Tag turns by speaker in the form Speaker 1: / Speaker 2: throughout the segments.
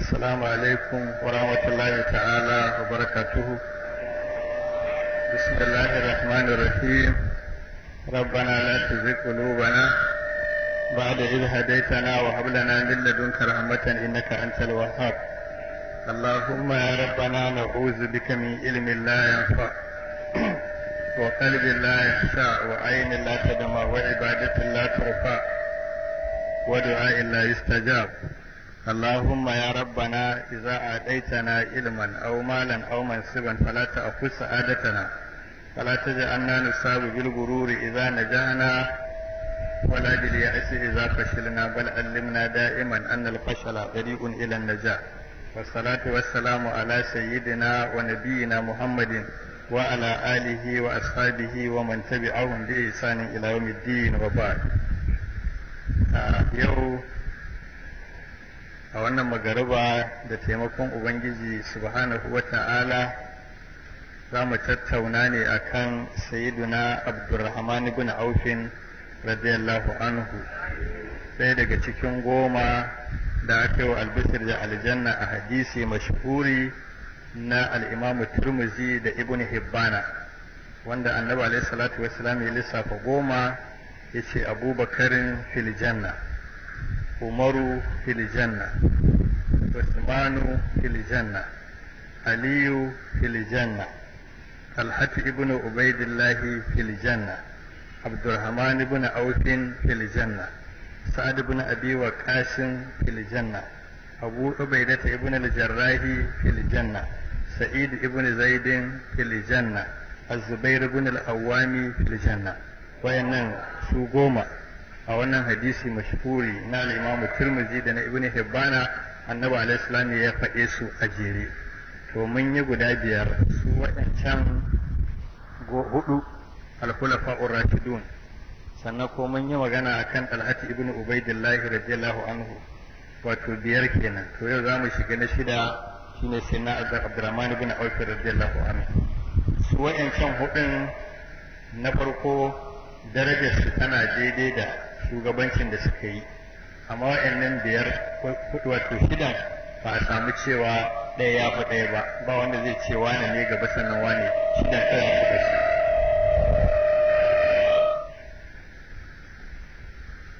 Speaker 1: السلام عليكم ورحمة الله تعالى وبركاته بسم الله الرحمن الرحيم ربنا لا تزغ قلوبنا بعد إذ هديتنا وهب لنا من لدنك رحمة إنك أنت الوهاب اللهم يا ربنا نعوذ بك من علم لا ينفع وقلب لا يخشع وعين لا تدمع وعبادة لا ترفع ودعاء لا يستجاب اللهم يا ربنا إذا أعطيتنا علما أو مالا أو منصبا فلا تأخذ سعادتنا فلا تجعلنا نصاب بالغرور إذا نجانا ولا باليأس إذا فشلنا بل علمنا دائما أن الفشل طريق إلى النجاة والصلاة والسلام على سيدنا ونبينا محمد وعلى آله وأصحابه ومن تبعهم بإحسان إلى يوم الدين وبعد آه، يوم a wannan magaraba da taimakon ubangiji subhanahu wa ta'ala za mu tattauna ne akan sayiduna abdurrahman bin aufin radiyallahu anhu ɗaya daga cikin goma da aka yi wa albisir da aljanna a hadisi mashhuri na al'imamu turmuzi da ibn hibbana wanda annabi alaihi salatu wasalam ya lissafa goma ya ce abubakarin filjanna umaru fil janna usmanu fil janna aliyu fil janna talhat ibn ubaidillah fil janna abdurrahman ibn aufin fil janna buna ibn abi waqash fil janna abu ubaidah ibn al-jarrah fil janna sa'id ibn zaid fil janna az-zubair ibn al-awwami fil su goma a wannan hadisi mashhuri na al-Imam Tirmidhi da na Ibn Hibbana annabi alaihi salam ya faɗe su a jere to mun yi guda biyar su waɗancan hudu al-khulafa ar-rashidun sannan ko mun yi magana akan Talhat ibn Ubaidillah radiyallahu anhu wato biyar kenan to yau zamu shiga na shida shine sayyidina Abdurrahman ibn Auf radiyallahu anhu su waɗancan hudun na farko darajarsu tana daidai da shugabancin da suka yi amma wa'annan biyar hudu wato shida ba a samu cewa ɗaya ya fi ɗaya ba ba wanda zai ce wane ne gaba sannan wane shida ɗaya su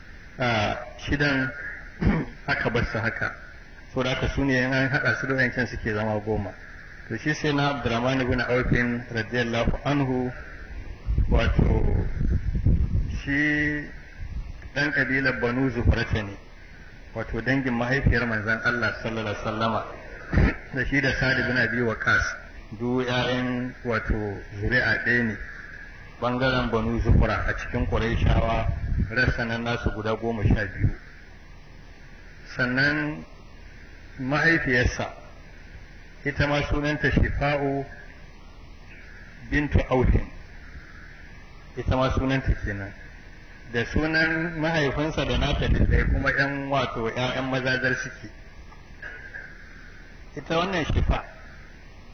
Speaker 1: shi a shidan haka bar su haka da haka su ne an haɗa su da suke zama goma to shi sai na abdurrahman ibn aufin radiyallahu anhu wato shi dan kabilar banu zufrata ne wato dangin mahaifiyar manzon Allah sallallahu alaihi da shi da Sa'd bin Abi Waqas du ƴaƴan wato zuri'a ɗaya ne bangaren banu zufra a cikin Qurayshawa rassa nan nasu guda goma sha biyu sannan mahaifiyarsa ita ma sunanta shifa'u bintu autin ita ma sunanta kenan da sunan mahaifinsa da nata da kuma ‘yan wato ‘ya'yan mazajar suke. Ita wannan shifa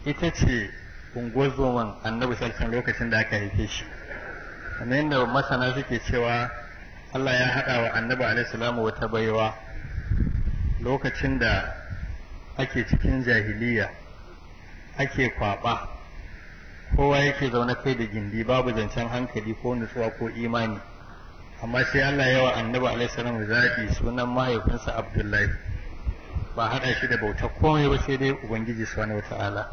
Speaker 1: ita ce ungozoman annabi sarkin lokacin da aka haife shi. Kamar yadda masana suke cewa Allah ya haɗa wa annabi alaihissalamu wata baiwa lokacin da ake cikin jahiliya ake kwaɓa kowa yake zaune kai da gindi babu zancen hankali ko nutsuwa ko imani. amma sai Allah yawa annabi alaihi salam zaki sunan mahaifinsa Abdullahi ba haɗa shi da bauta komai ba sai dai ubangiji subhanahu wata'ala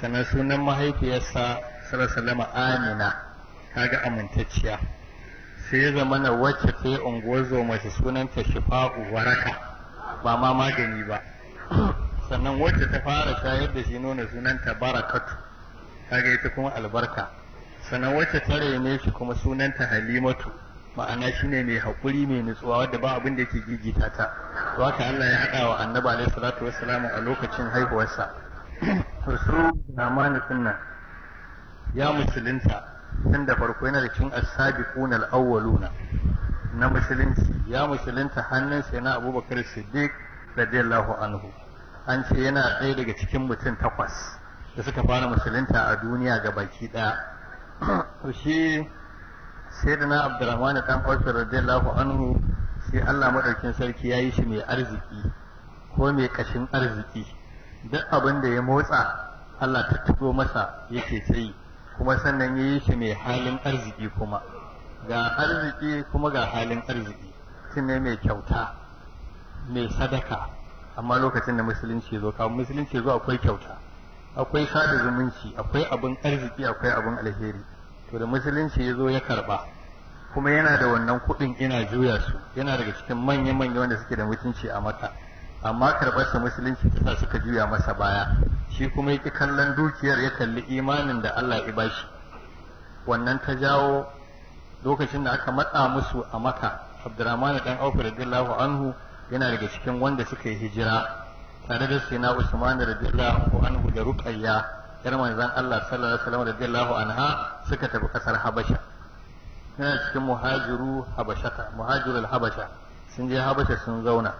Speaker 1: sannan sunan mahaifiyarsa sallallahu Amina kaga amintacciya sai ya zama na wacce sai unguwar mace sunanta shifa'u waraka ba ma magani ba sannan wacce ta fara shayar da shi nuna sunanta barakatu kaga ita kuma albarka sannan wacce ta rene shi kuma sunanta halimatu ma'ana shi ne mai haƙuri mai nutsuwa wadda ba abin da ke gigita ta to haka Allah ya haɗa wa annabi alaihi salatu wassalamu a lokacin haihuwarsa to na mana sunna ya musulunta tun da farko yana da cin as-sabiquna al-awwaluna na musulunci ya musulunta hannun sai na Abubakar Siddiq radiyallahu anhu an ce yana ɗaya daga cikin mutum takwas da suka fara musulunta a duniya ga baki ɗaya to shi sayyidina abdurrahman dan fasir radiyallahu anhu sai Allah madaukin sarki yayi shi mai arziki ko mai kashin arziki duk abin da ya motsa Allah ta tugo masa yake tsayi kuma sannan yayi shi mai halin arziki kuma ga arziki kuma ga halin arziki mutum ne mai kyauta mai sadaka amma lokacin da musulunci zo kafin musulunci zo akwai kyauta akwai sada zumunci akwai abin arziki akwai abin alheri to da musulunci ya zo ya karɓa kuma yana da wannan kuɗin ina juya su yana daga cikin manya-manya wanda suke da mutunci a maka amma karɓarsa musulunci ta sa suka juya masa baya shi kuma yake kallon dukiyar ya kalli imanin da Allah ya bashi wannan ta jawo lokacin da aka matsa musu a maka Abdurrahman dan da radiyallahu anhu yana daga cikin wanda suka yi hijira tare da Sina Usman radiyallahu anhu da Ruqayyah yar manzon Allah sallallahu alaihi wasallam radiyallahu anha suka tafi kasar Habasha suna cikin muhajiru habashata muhajirul habasha sun je habasha sun zauna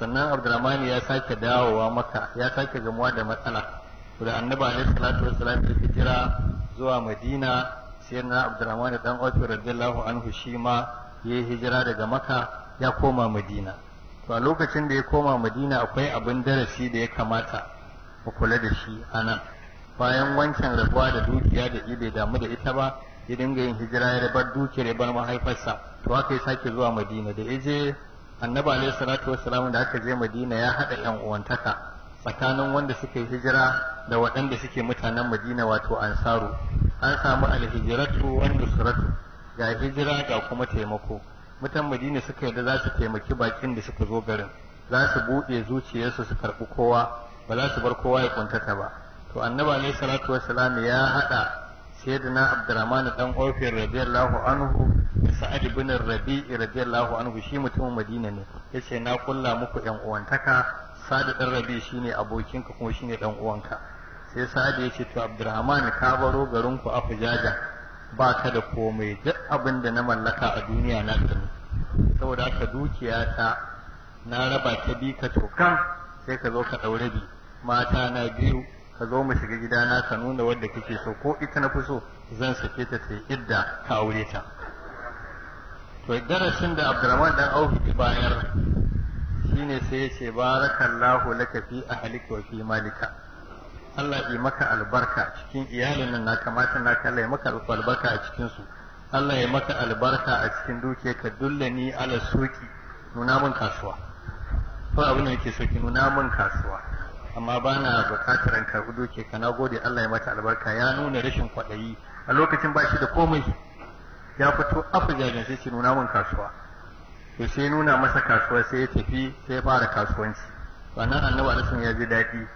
Speaker 1: sannan Abdurrahman ya sake dawowa maka ya sake gamuwa da matsala da annabi alaihi salatu ya hijira zuwa madina sai na Abdurrahman dan Uthman radiyallahu anhu shi ma ya hijira daga maka ya koma madina to a lokacin da ya koma madina akwai abin darasi da ya kamata mu kula da shi anan bayan wancan rabuwa da dukiya da ji bai damu da ita ba ya dinga yin hijira ya rabar dukiya ya bar mahaifarsa to aka ya sake zuwa madina da je annabi alaihi salatu wassalam da aka je madina ya haɗa yan uwantaka tsakanin wanda suka hijira da waɗanda suke mutanen madina wato ansaru an samu alhijiratu wan nusratu ga hijira ga kuma taimako mutan madina suka yarda za su taimaki bakin da suka zo garin za su buɗe zuciyarsu su karɓi kowa ba za su bar kowa ya kuntata ba to annabi ne salatu wassalam ya hada sayyidina abdurrahman dan ofir radiyallahu anhu sa'ad ibn rabi'i radiyallahu anhu shi mutumin madina ne yace na kulla muku yan uwantaka sa'ad dan rabi shine abokinka kuma shine dan uwanka sai sa'ad yace to abdurrahman ka baro garin ku a fujaja ba ka da komai duk abin da na mallaka a duniya na ka saboda haka dukiya ta na raba ta bi ka tokan sai ka zo ka daure bi mata na biyu ka zo mu shiga gidana ka nuna wadda kake so ko ita na fi so zan sake ta ta idda ka aure ta to darasin da Abdurrahman dan Aufi bayar shine sai ya ce barakallahu laka fi ahlika wa fi malika Allah yi maka albarka cikin iyalin nan naka matan naka Allah ya maka albarka a cikin su Allah ya maka albarka a cikin duke ka dullani ala suki nuna min kasuwa ko abin da yake so ki nuna min kasuwa amma ba na bukatar karɓi doke ka na gode Allah ya mata albarka ya nuna rashin kwaɗayi a lokacin ba shi da komai ya fito afa jajen sai ce nuna min kasuwa to sai nuna masa kasuwa sai ya tafi sai ya fara kasuwanci wannan annabi alisun ya bi daɗi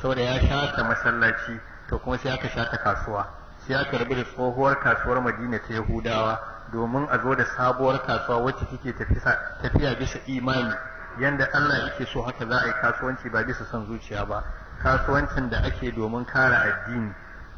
Speaker 1: saboda ya shata masallaci to kuma sai aka shata kasuwa sai aka rabu da tsohuwar kasuwar madina ta yahudawa domin a zo da sabuwar kasuwa wacce take tafiya bisa imani yanda Allah yake so haka za a yi kasuwanci ba bisa son zuciya ba kasuwancin da ake domin kare addini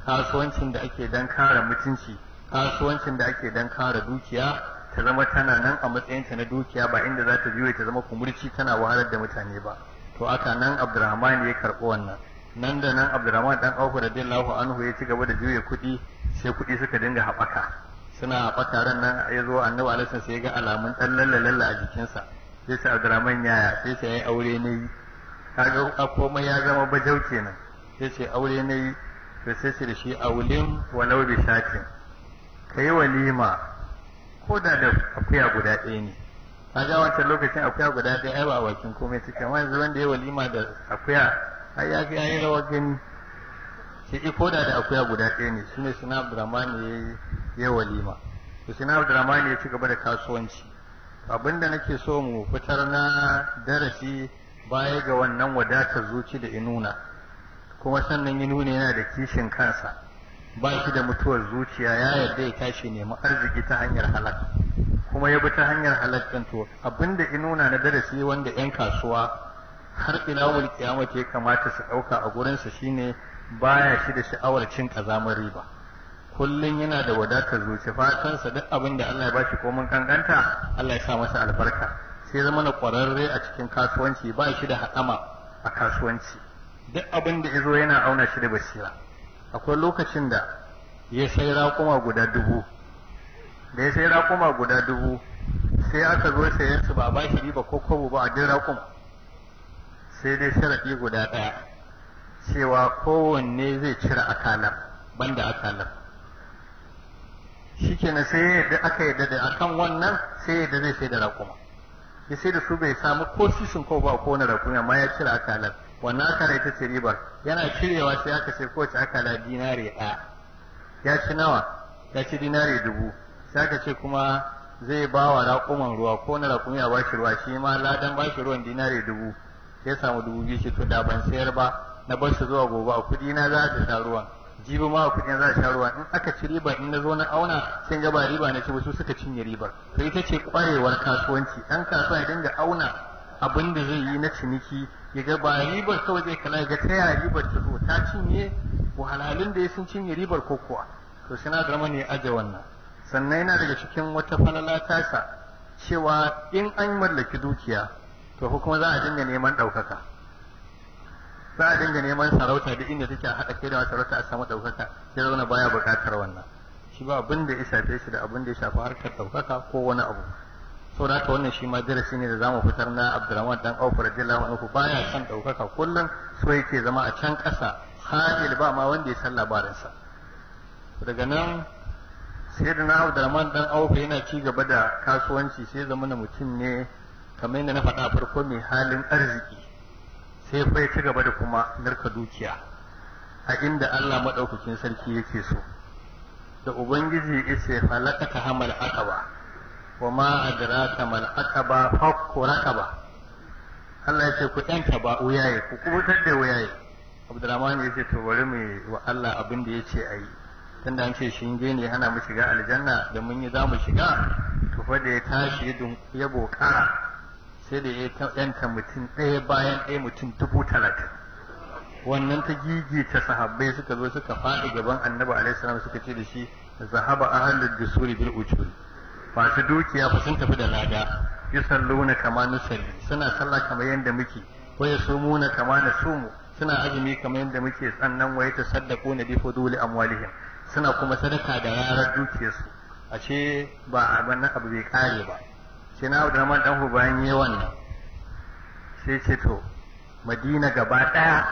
Speaker 1: kasuwancin da ake don kare mutunci kasuwancin da ake don kare dukiya ta zama tana nan a matsayinta na dukiya ba inda za ta biyo ta zama kumurci tana wahalar da mutane ba to aka nan Abdurrahman ya karɓi wannan nan da nan Abdurrahman dan Auf radiyallahu anhu ya ci gaba da juya kuɗi sai kuɗi suka dinga haɓaka suna haɓaka ran nan ya zo annabi alaihi sai ya ga alamun ɗan lalla lalla a jikinsa sai sa Abdurrahman ya sai sai ai aure ne kaga a komai ya zama bajau kenan sai ce aure ne to sai sai da shi aulin walau bi shatin kai walima ko da da akuya guda ɗaya ne kaga wancan lokacin akuya guda ɗaya ai ba wakin komai suke amma yanzu wanda ya walima da akuya ai ya fi ayi rawar gani sai ko da da akuya guda ɗaya ne shine suna Abdurrahman ya yi walima to suna Abdurrahman ya ci gaba da kasuwanci abinda nake so mu fitar na darasi baya ga wannan wadatar zuci da inuna kuma sannan nuna yana da kishin kansa ba shi da mutuwar zuciya ya yarda ya tashi nemi arziki ta hanyar halak kuma ya bi ta hanyar halak din to abinda inuna na darasi wanda yan kasuwa har ila wal kiyama ya kamata su ɗauka a gurinsa shine baya shi da sha'awar cin ƙazamar riba kullum yana da wadatar zuci fatansa duk abin da Allah ya bashi komin kankanta Allah ya sa masa albarka sai zama na kwararre a cikin kasuwanci ba shi da haɗama a kasuwanci duk abin da izo yana auna shi da basira akwai lokacin da ya sai raƙuma guda dubu da ya sai raƙuma guda dubu sai aka zo sayen su ba bashi riba ko kwabo ba a duk raƙuma sai dai sharaɗi guda ɗaya cewa kowanne zai cire akalar banda akalar shikenan sai yadda aka yadda da akan wannan sai yadda zai sai da rakuma ya sai da su bai samu ko sisin ko ba ko wani rakuma amma ya cire akalar wannan akala ita ce ribar yana cirewa sai aka sai kowace akala dinari ɗaya ya ci nawa ya ci dinari dubu sai aka ce kuma zai ba wa raƙuman ruwa ko na rakuma a bashi ruwa shi ma ladan bashi ruwan dinari dubu sai samu dubu biyu shi to da ban sayar ba na bar shi zuwa gobe a kudi na za ta sha ruwan jibi ma kudin za a sha ruwa in aka ci riba in na zo na auna sun gaba riba na ci wasu suka cinye ribar to ita ce kwarewar kasuwanci dan kasuwa ya dinga auna abin da zai yi na ciniki ya ga ba ribar kawai zai kala ga ta yaya ribar ta zo ta cinye wahalhalun da ya sun cinye ribar ko kuwa to sinadar mani aje wannan sannan yana daga cikin wata falala tasa cewa in an mallaki dukiya to kuma za a dinga neman ɗaukaka za a dinga neman sarauta duk inda take a haɗa kai da sarauta a samu ɗaukaka sai zauna baya buƙatar wannan shi ba abin da ya shafe shi da abin da ya shafi harkar ɗaukaka ko wani abu da haka wannan shi ma darasi ne da za mu fitar na Abdurrahman dan Auf radiyallahu anhu baya son ɗaukaka kullum so yake zama a can ƙasa halil ba ma wanda ya san labarinsa daga nan sai da na Abdurrahman dan auku yana ci gaba da kasuwanci sai zama na mutum ne kamar yadda na faɗa farko mai halin arziki sai fa ya ci gaba da kuma narka dukiya a inda Allah maɗaukacin sarki yake so da ubangiji yace falakata hamal aqaba wa ma adraka mal aqaba fakku raqaba Allah yace ku yanka ba uyaye ku kubutar da uyaye Abdurrahman yace to bari mu wa Allah abin da yace ayi tunda an ce shinge ne hana mu shiga aljanna da mun yi za mu shiga to fa da ya tashi yabo ƙara. sai da ya yanta mutum ɗaya bayan ɗaya mutum dubu talatin wannan ta gigita sahabbai suka zo suka faɗi gaban annabi alaihi suka ce da shi zahaba a da suri bil ujuri masu dukiya ba sun tafi da lada yusalluna kama nusalli suna sallah kamar yadda muke wa sumuna kama sumu suna azumi kamar yadda muke sannan wa yatasaddaquna bi a amwalihim suna kuma sadaka da yarar dukiyarsu ashe ba a abu bai kare ba Sai na abdurrahman dan hu bayan yi wannan sai ce to madina gaba ɗaya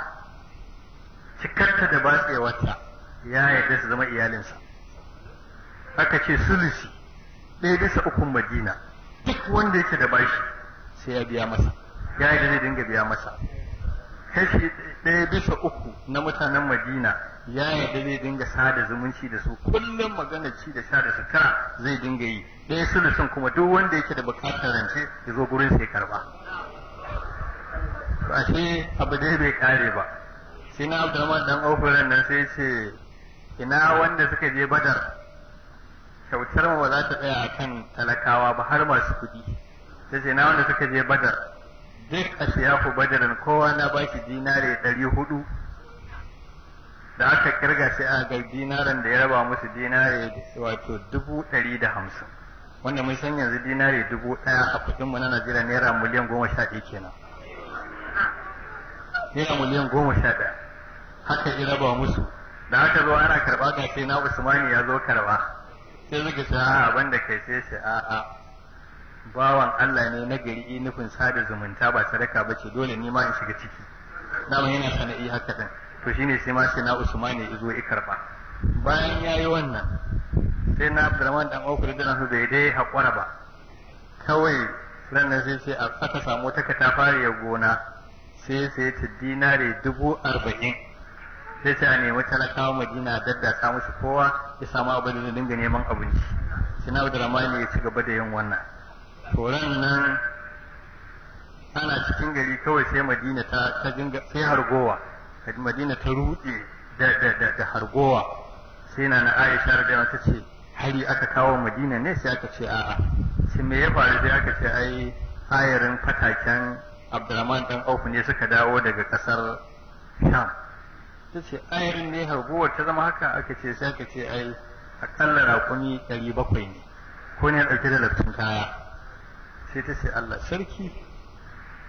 Speaker 1: cikarta da batsewarta ya yarda su zama iyalinsa aka ce sulusi ɗaya bisa ukun madina duk wanda yake da bashi sai ya biya masa ya yarda zai dinga biya masa kashi ɗaya bisa uku na mutanen madina ya yarda zai dinga sada zumunci da su kullum magana ci da sha da sutura zai dinga yi ɗaya sulusun kuma duk wanda yake da bukatar rance ya zo gurin sai karba to ashe abu dai bai kare ba sai na abdulrahman dan ofiran nan sai ce ina wanda suka je badar kyautar ma ba za ta tsaya akan talakawa ba har masu kuɗi sai ce na wanda suka je badar duk a siyafu badarin kowa na baki dinare ɗari hudu da aka kirga sai a ga dinaran da ya raba musu dinare wato dubu ɗari da hamsin wanda mun san yanzu dinare dubu ɗaya a kudin mu na Najeriya naira miliyan goma sha ɗaya kenan naira miliyan goma sha ɗaya haka ya raba musu da aka zo ana karɓa ga sai na Usmani ya zo karɓa sai suka ce a'a banda kai sai sai a'a bawan Allah ne na gari nufin sada zumunta ba sadaka ba ce dole ni ma in shiga ciki dama yana sana'i haka ɗin. to shi ne sai ma sai na Usman ya zo ya karba bayan ya yi wannan sai na Abdurrahman dan Auf radiyallahu anhu bai dai haƙura ba kawai ranar sai sai aka samu ta katafariya gona sai sai ta dinare dubu arba'in sai ta nemi talakawa madina ta musu kowa ya samu abin da dinga neman abinci sai na Abdurrahman ya ci gaba da yin wannan to nan ana cikin gari kawai sai madina ta dinga sai hargowa madina ta rude da hargowa sai na na aisha radiyallahu ta ce hari aka kawo madina ne sai aka ce a'a sai me ya faru sai aka ce ai ayarin fataken abdulrahman dan auf ne suka dawo daga kasar sham ta ce ayarin ne hargowar ta zama haka aka ce sai aka ce ai akalla rakumi ɗari bakwai ne ko ne ɗauke da lattun kaya sai ta ce allah sarki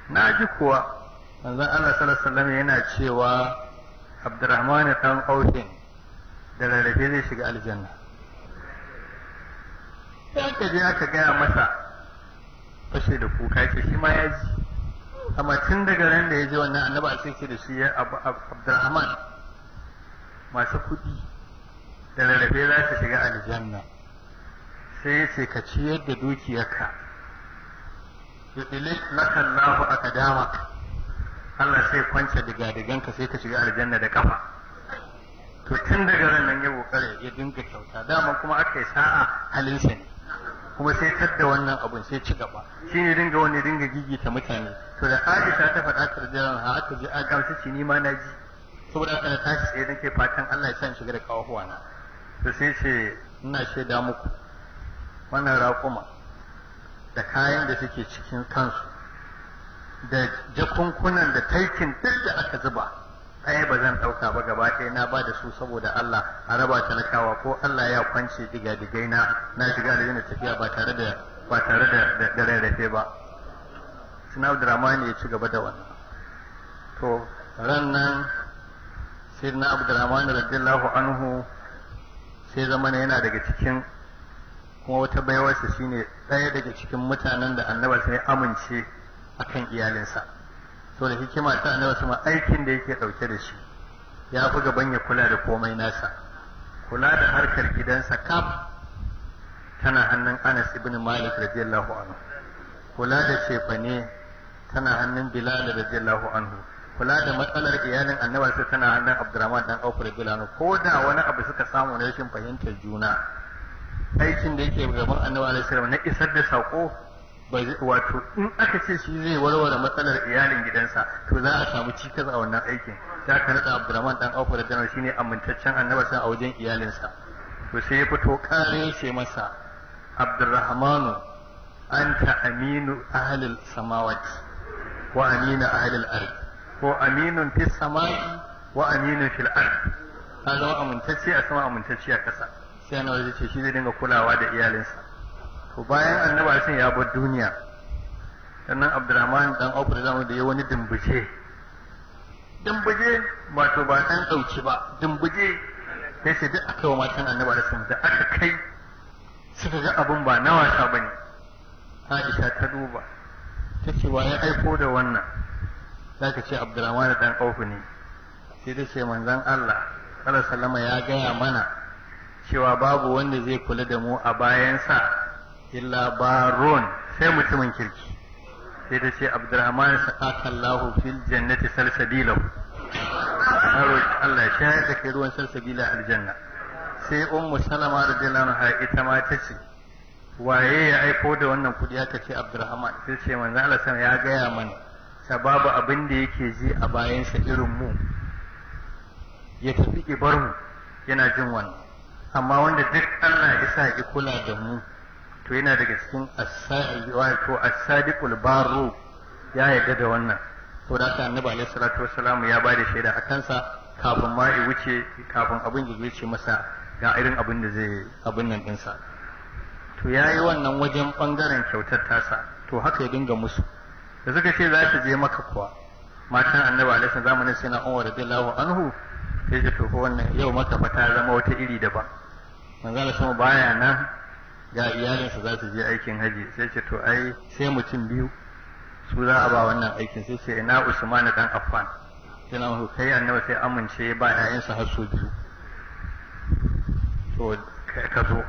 Speaker 1: na ji kuwa manzon Allah sallallahu alaihi yana cewa Abdurrahman dan Ausin da rarrafe zai shiga aljanna sai ka je aka gaya masa fashe da kuka ce shi ma ya ji amma tun daga ran da ya ji wannan annaba a sai ce da shi Abdurrahman masu kuɗi da rarrafe za su shiga aljanna sai ya ce ka ciyar da dukiyarka yudilil laka Allahu aka dama Allah sai kwance diga ka sai ka shiga aljanna da kafa to tun daga ran nan ya kokare ya dinga kyauta dama kuma aka yi sa'a halin shi ne kuma sai tadda wannan abun sai ci gaba shi ne dinga wani dinga gigita mutane to da Aisha ta faɗa ta jiran ha aka ji a ta ci ni na ji saboda haka na tashi sai nake fatan Allah ya san shiga da kawo na to sai ce ina shaida muku wannan raƙuma da kayan da suke cikin kansu da jakunkunan da taikin duk da aka zuba ɗaya ba zan ɗauka ba gaba ɗaya na ba da su saboda Allah a raba talakawa ko Allah ya kwance digadigai na na shiga da yana tafiya ba tare da ba tare da da rarrafe ba Sinau Dramani ya ci gaba da wannan to ran nan sai na Abdurrahman radiyallahu anhu sai zama yana daga cikin kuma wata baiwarsa shine ɗaya daga cikin mutanen da annabi sai amince akan iyalinsa so da hikima ta annabi sama aikin da yake dauke da shi ya fi gaban ya kula da komai nasa kula da harkar gidansa kaf tana hannun Anas ibn Malik radiyallahu anhu kula da shefane tana hannun Bilal radiyallahu anhu kula da matsalar iyalin annabi sai tana hannun Abdurrahman dan Auf radiyallahu ko da wani abu suka samu na rashin fahimtar juna aikin da yake gaban annabi alaihi na isar da sako wato in aka ce shi zai warware matsalar iyalin gidansa to za a samu cikas a wannan aikin ta ka nada abdurrahman dan auf da janar shine amintaccen annabarsa a wajen iyalinsa to sai ya fito kare ce masa abdurrahmanu anta aminu ahlil samawati wa aminu ahlil ard ko aminun fis samai wa aminun fil ard ka zama amintacce a sama amintacce a kasa sai na waje ce shi zai dinga kulawa da iyalinsa to bayan annabi alaihi ya bar duniya sannan abdurrahman dan auf da zamu da ya wani dimbuje dimbuje wato ba dan dauki ba dimbuje sai sai duk aka wa matan annabi alaihi da aka kai suka ga abin ba na wasa bane Aisha ta duba ta ce wa ya aiko da wannan za ka ce abdurrahman dan auf ne sai ta ce manzon Allah sallallahu alaihi ya gaya mana cewa babu wanda zai kula da mu a bayansa illa barun sai mutumin kirki sai ta ce abdurrahman sa'aka Allahu fil jannati salsabilahu Allah ya shayar kai ruwan salsabila aljanna sai ummu salama da anha ita ma ta ce waye ya aiko da wannan kudi aka ce abdurrahman sai ce manzo Allah ya gaya mana sababu abin da yake ji a bayansa irin mu ya tafi ibar mu yana jin wannan amma wanda duk Allah ya sa ki kula da mu to yana daga cikin wato as barru ya yarda da wannan to da haka annabi alaihi salatu wasalamu ya bada shaida a kansa kafin ma ya wuce kafin abin ya wuce masa ga irin abin da zai abin nan dinsa to ya yi wannan wajen bangaren kyautar tasa to haka ya dinga musu da suka ce za su je maka kuwa matan annabi alaihi zamanin sai na umar radiyallahu anhu sai ta to wannan yau maka fa ta zama wata iri daban manzo Allah baya nan ga iyalinsa za su je aikin haji sai ce to ai sai mutum biyu su za a ba wannan aikin sai ce ina usman dan affan sai na mu kai annabi sai amince ba ƴaƴansa har su biyu to ka zo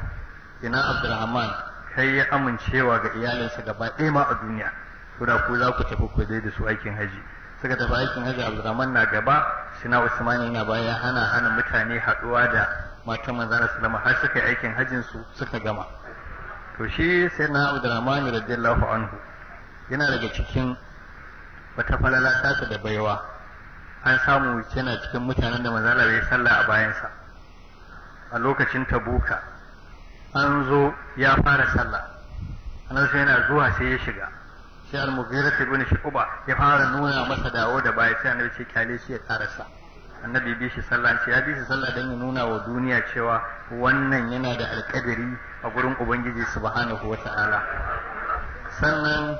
Speaker 1: ina abdurrahman kai ya amincewa ga iyalinsa gaba ɗaya ma a duniya ko da ku za ku tafi ku da su aikin haji suka tafi aikin haji abdurrahman na gaba sina usman yana baya hana hana mutane haɗuwa da matan manzon salama har suka yi aikin hajjinsu suka gama to shi sai na abu da abdurrahman radiyallahu anhu yana daga cikin wata falala tasa da baiwa an samu yana cikin mutanen da manzala bai salla a bayansa a lokacin tabuka an zo ya fara salla anan sai yana zuwa sai ya shiga sai al-mughira shi kuba ya fara nuna masa dawo da baya sai annabi ce kyale shi ya karasa annabi bi shi sallah ce ya bi shi sallah dan ya nuna wa duniya cewa wannan yana da alƙadari a gurin ubangiji subhanahu wa ta'ala sannan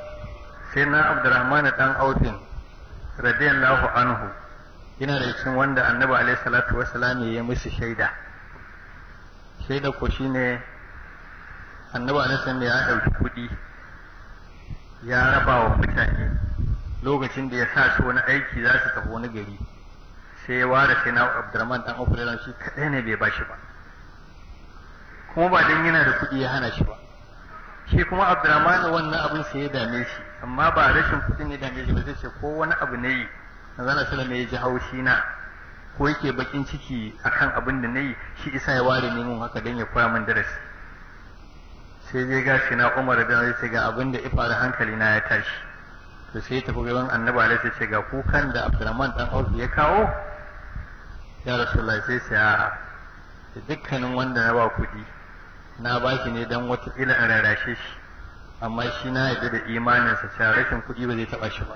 Speaker 1: sai na abdurrahman dan aufin radiyallahu anhu yana da cikin wanda annabi alaihi salatu wassalam ya yi musu shaida shaida ko shine annabi alaihi salam ya ɗauki kuɗi ya raba wa mutane lokacin da ya sa su wani aiki za su tafi wani gari sai ya ware sai na abdurrahman dan aufin shi kaɗai ne bai ba shi ba kuma ba don yana da kuɗi ya hana shi ba shi kuma Abdurrahman wannan abin sai ya dame shi amma ba rashin kuɗin ya dame shi ba zai ce ko wani abu ne yi zana sallama ya ji haushi na ko yake bakin ciki akan abin da nayi shi isa ya ware neman haka dan ya koya min darasi sai dai ga shi na Umar da ya ce ga abin da ifara hankali na ya tashi to sai ya tafi gaban Annabi alaihi ce ga kukan da Abdurrahman dan Auf ya kawo ya Rasulullahi sai sai dukkanin wanda na ba kuɗi na baki ne don wata ila a rarrashe shi amma shi na yaje da imaninsa cewa rashin kuɗi ba zai taɓa shi ba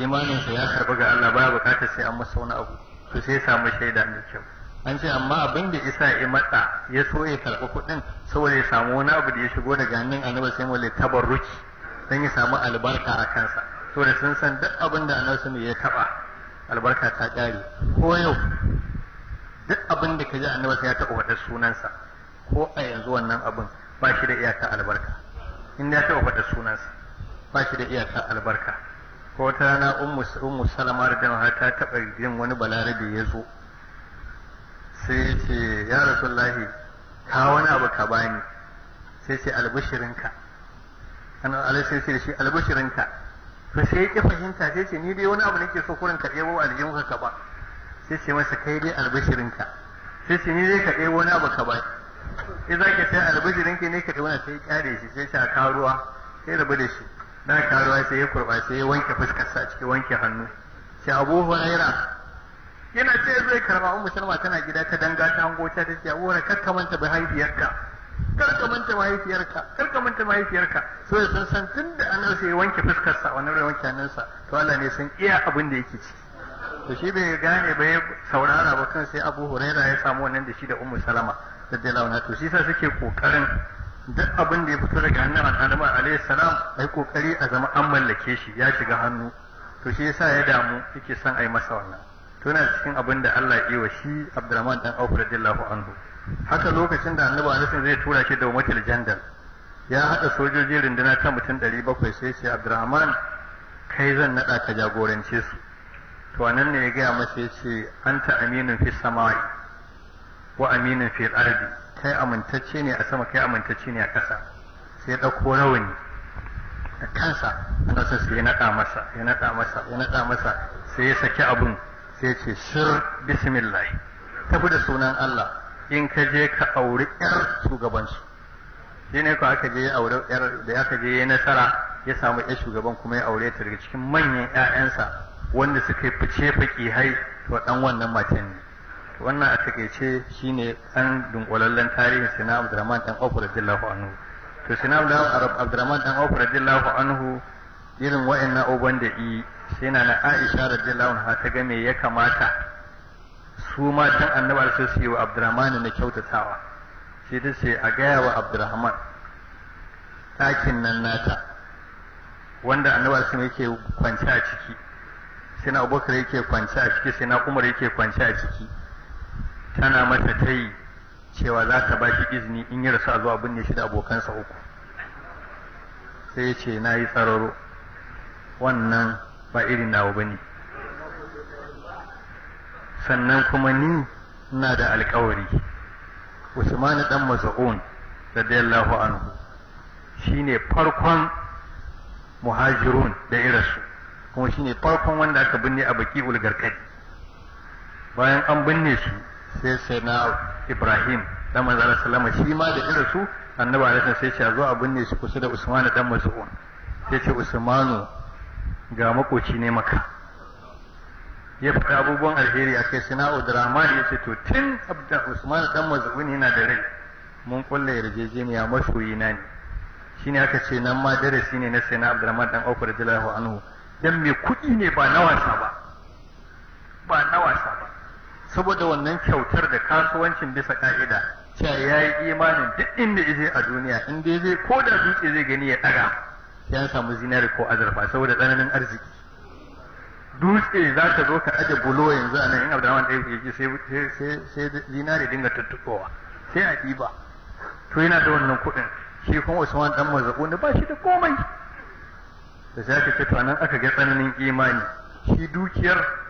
Speaker 1: imaninsa ya karɓi ga Allah baya bukata sai an masa wani abu to sai samu shaida mai kyau an ce amma abin da isa ya matsa ya so ya karɓi kuɗin saboda ya samu wani abu da ya shigo daga hannun annabi sai mu tabarruki dan ya samu albarka a kansa saboda sun san duk abin da annabi ya taɓa albarka ta ƙare ko yau duk abin da ka ji annabi sai ya taɓa wadar sunansa ko a yanzu wannan abin ba shi da iyaka albarka in ya taɓa faɗa sunansa ba shi da iyaka albarka ko wata rana ummu salama da jama'a ta taɓa yin wani balarabe ya zo sai ya ce ya rasulullahi ka wani abu ka bani sai ce albishirinka ana alaihi sai shi albishirinka to sai ya ki fahimta sai ce ni dai wani abu nake so kurin ka ɗebo aljihunka ka ba sai ce masa kai dai albishirinka sai ce ni dai ka ɗebo wani abu ka bani in za ka sai albijirin ki ne ka tauna sai kyare shi sai sa karuwa sai rabu da shi na karuwa sai ya kurba sai ya wanke fuskarsa a cikin wanke hannu sai abu huraira yana ce zai karba ummu salma tana gida ta danga ta hango ta ta ce abu huraira kar ka manta haifiyarka. kar ka manta mahaifiyarka kar ka manta mahaifiyarka so ya san san da anan sai ya wanke fuskarsa wannan ruwan wanke hannunsa to Allah ne san iya abin da yake ciki to shi bai gane ba ya saurara ba kan sai abu huraira ya samu wannan da shi da ummu Salma. radiyallahu anha to shi sa suke kokarin duk abin da ya fito daga hannun al'adama alayhi salam ai kokari a zama an mallake shi ya shiga hannu to shi yasa ya damu yake son ai masa wannan to yana cikin abin da Allah ya yi wa shi Abdurrahman dan Auf radiyallahu anhu haka lokacin da annabi alaihi zai tura shi da umatul jandal ya hada sojoji runduna ta mutum 700 sai ce Abdurrahman kai zan nada ka jagorance su to anan ne ya ga masa yace anta aminun fi samai wa aminin fil ardi kai amintacce ne a sama kai amintacce ne a ƙasa sai ɗauko rawani da kansa annasa sai ya naɗa masa ya naɗa masa ya naɗa masa sai ya saki abun sai ya ce shir bismillah tafi da sunan Allah in ka je ka auri yar shugabansu shi ne ko aka je ya aure yar da aka je ya nasara ya samu yar shugaban kuma ya aure ta daga cikin manyan ƴaƴansa wanda suka yi fice faki hai to dan wannan matan ne wannan a takaice shine an dunkulallen tarihin sina abdurrahman dan jin radiyallahu anhu to sina abdurrahman dan jin radiyallahu anhu irin wa'annan uban da i sai na na aisha radiyallahu anha ta ga me ya kamata su matan annabi sai su yi wa abdurrahman na kyautatawa sai ta ce a gaya wa abdurrahman ɗakin nan nata wanda annabi su yake kwance a ciki sai na abubakar yake kwance a ciki sai na umar yake kwance a ciki tana mata ta yi cewa za ta ba shi izini in yi rasu a zuwa binne shi da abokansa uku sai ya ce na yi tsararo wannan ba irin nawa ba ne sannan kuma ni na da alkawari usman dan mas'un radiyallahu anhu shine farkon muhajirun da irasu kuma shine farkon wanda aka binne a baki ulgarkadi bayan an binne su sai sai na ibrahim dan Allah salama shi ma da irin su annabi alaihi sai ce zo abin ne shi kusa da Usman dan mas'ud sai ce usmanu ga makoci ne maka ya faɗa abubuwan alheri a kai sina Abdurrahman ya ce to tun Abda Usman dan Mazuni yana da rai mun kulle yarjejeniya masoyi na ne shine aka ce nan ma darasi ne na sai na Abdurrahman dan Auf radiyallahu anhu dan mai kuɗi ne ba na wasa ba ba na wasa ba saboda wannan kyautar da kasuwancin bisa ka'ida cewa ya yi imanin duk inda zai a duniya in dai zai ko da dutse zai gani ya ɗaga ya samu zinari ko azurfa saboda tsananin arziki dutse za ta zo ka aje bulo yanzu a nan in abdurrahman ɗaya sai zinari dinga tuttuɓowa sai a ɗiba to yana da wannan kuɗin shi kuma usman dan mazabu ne ba shi da komai da zaka ce to nan aka ga tsananin imani shi dukiyar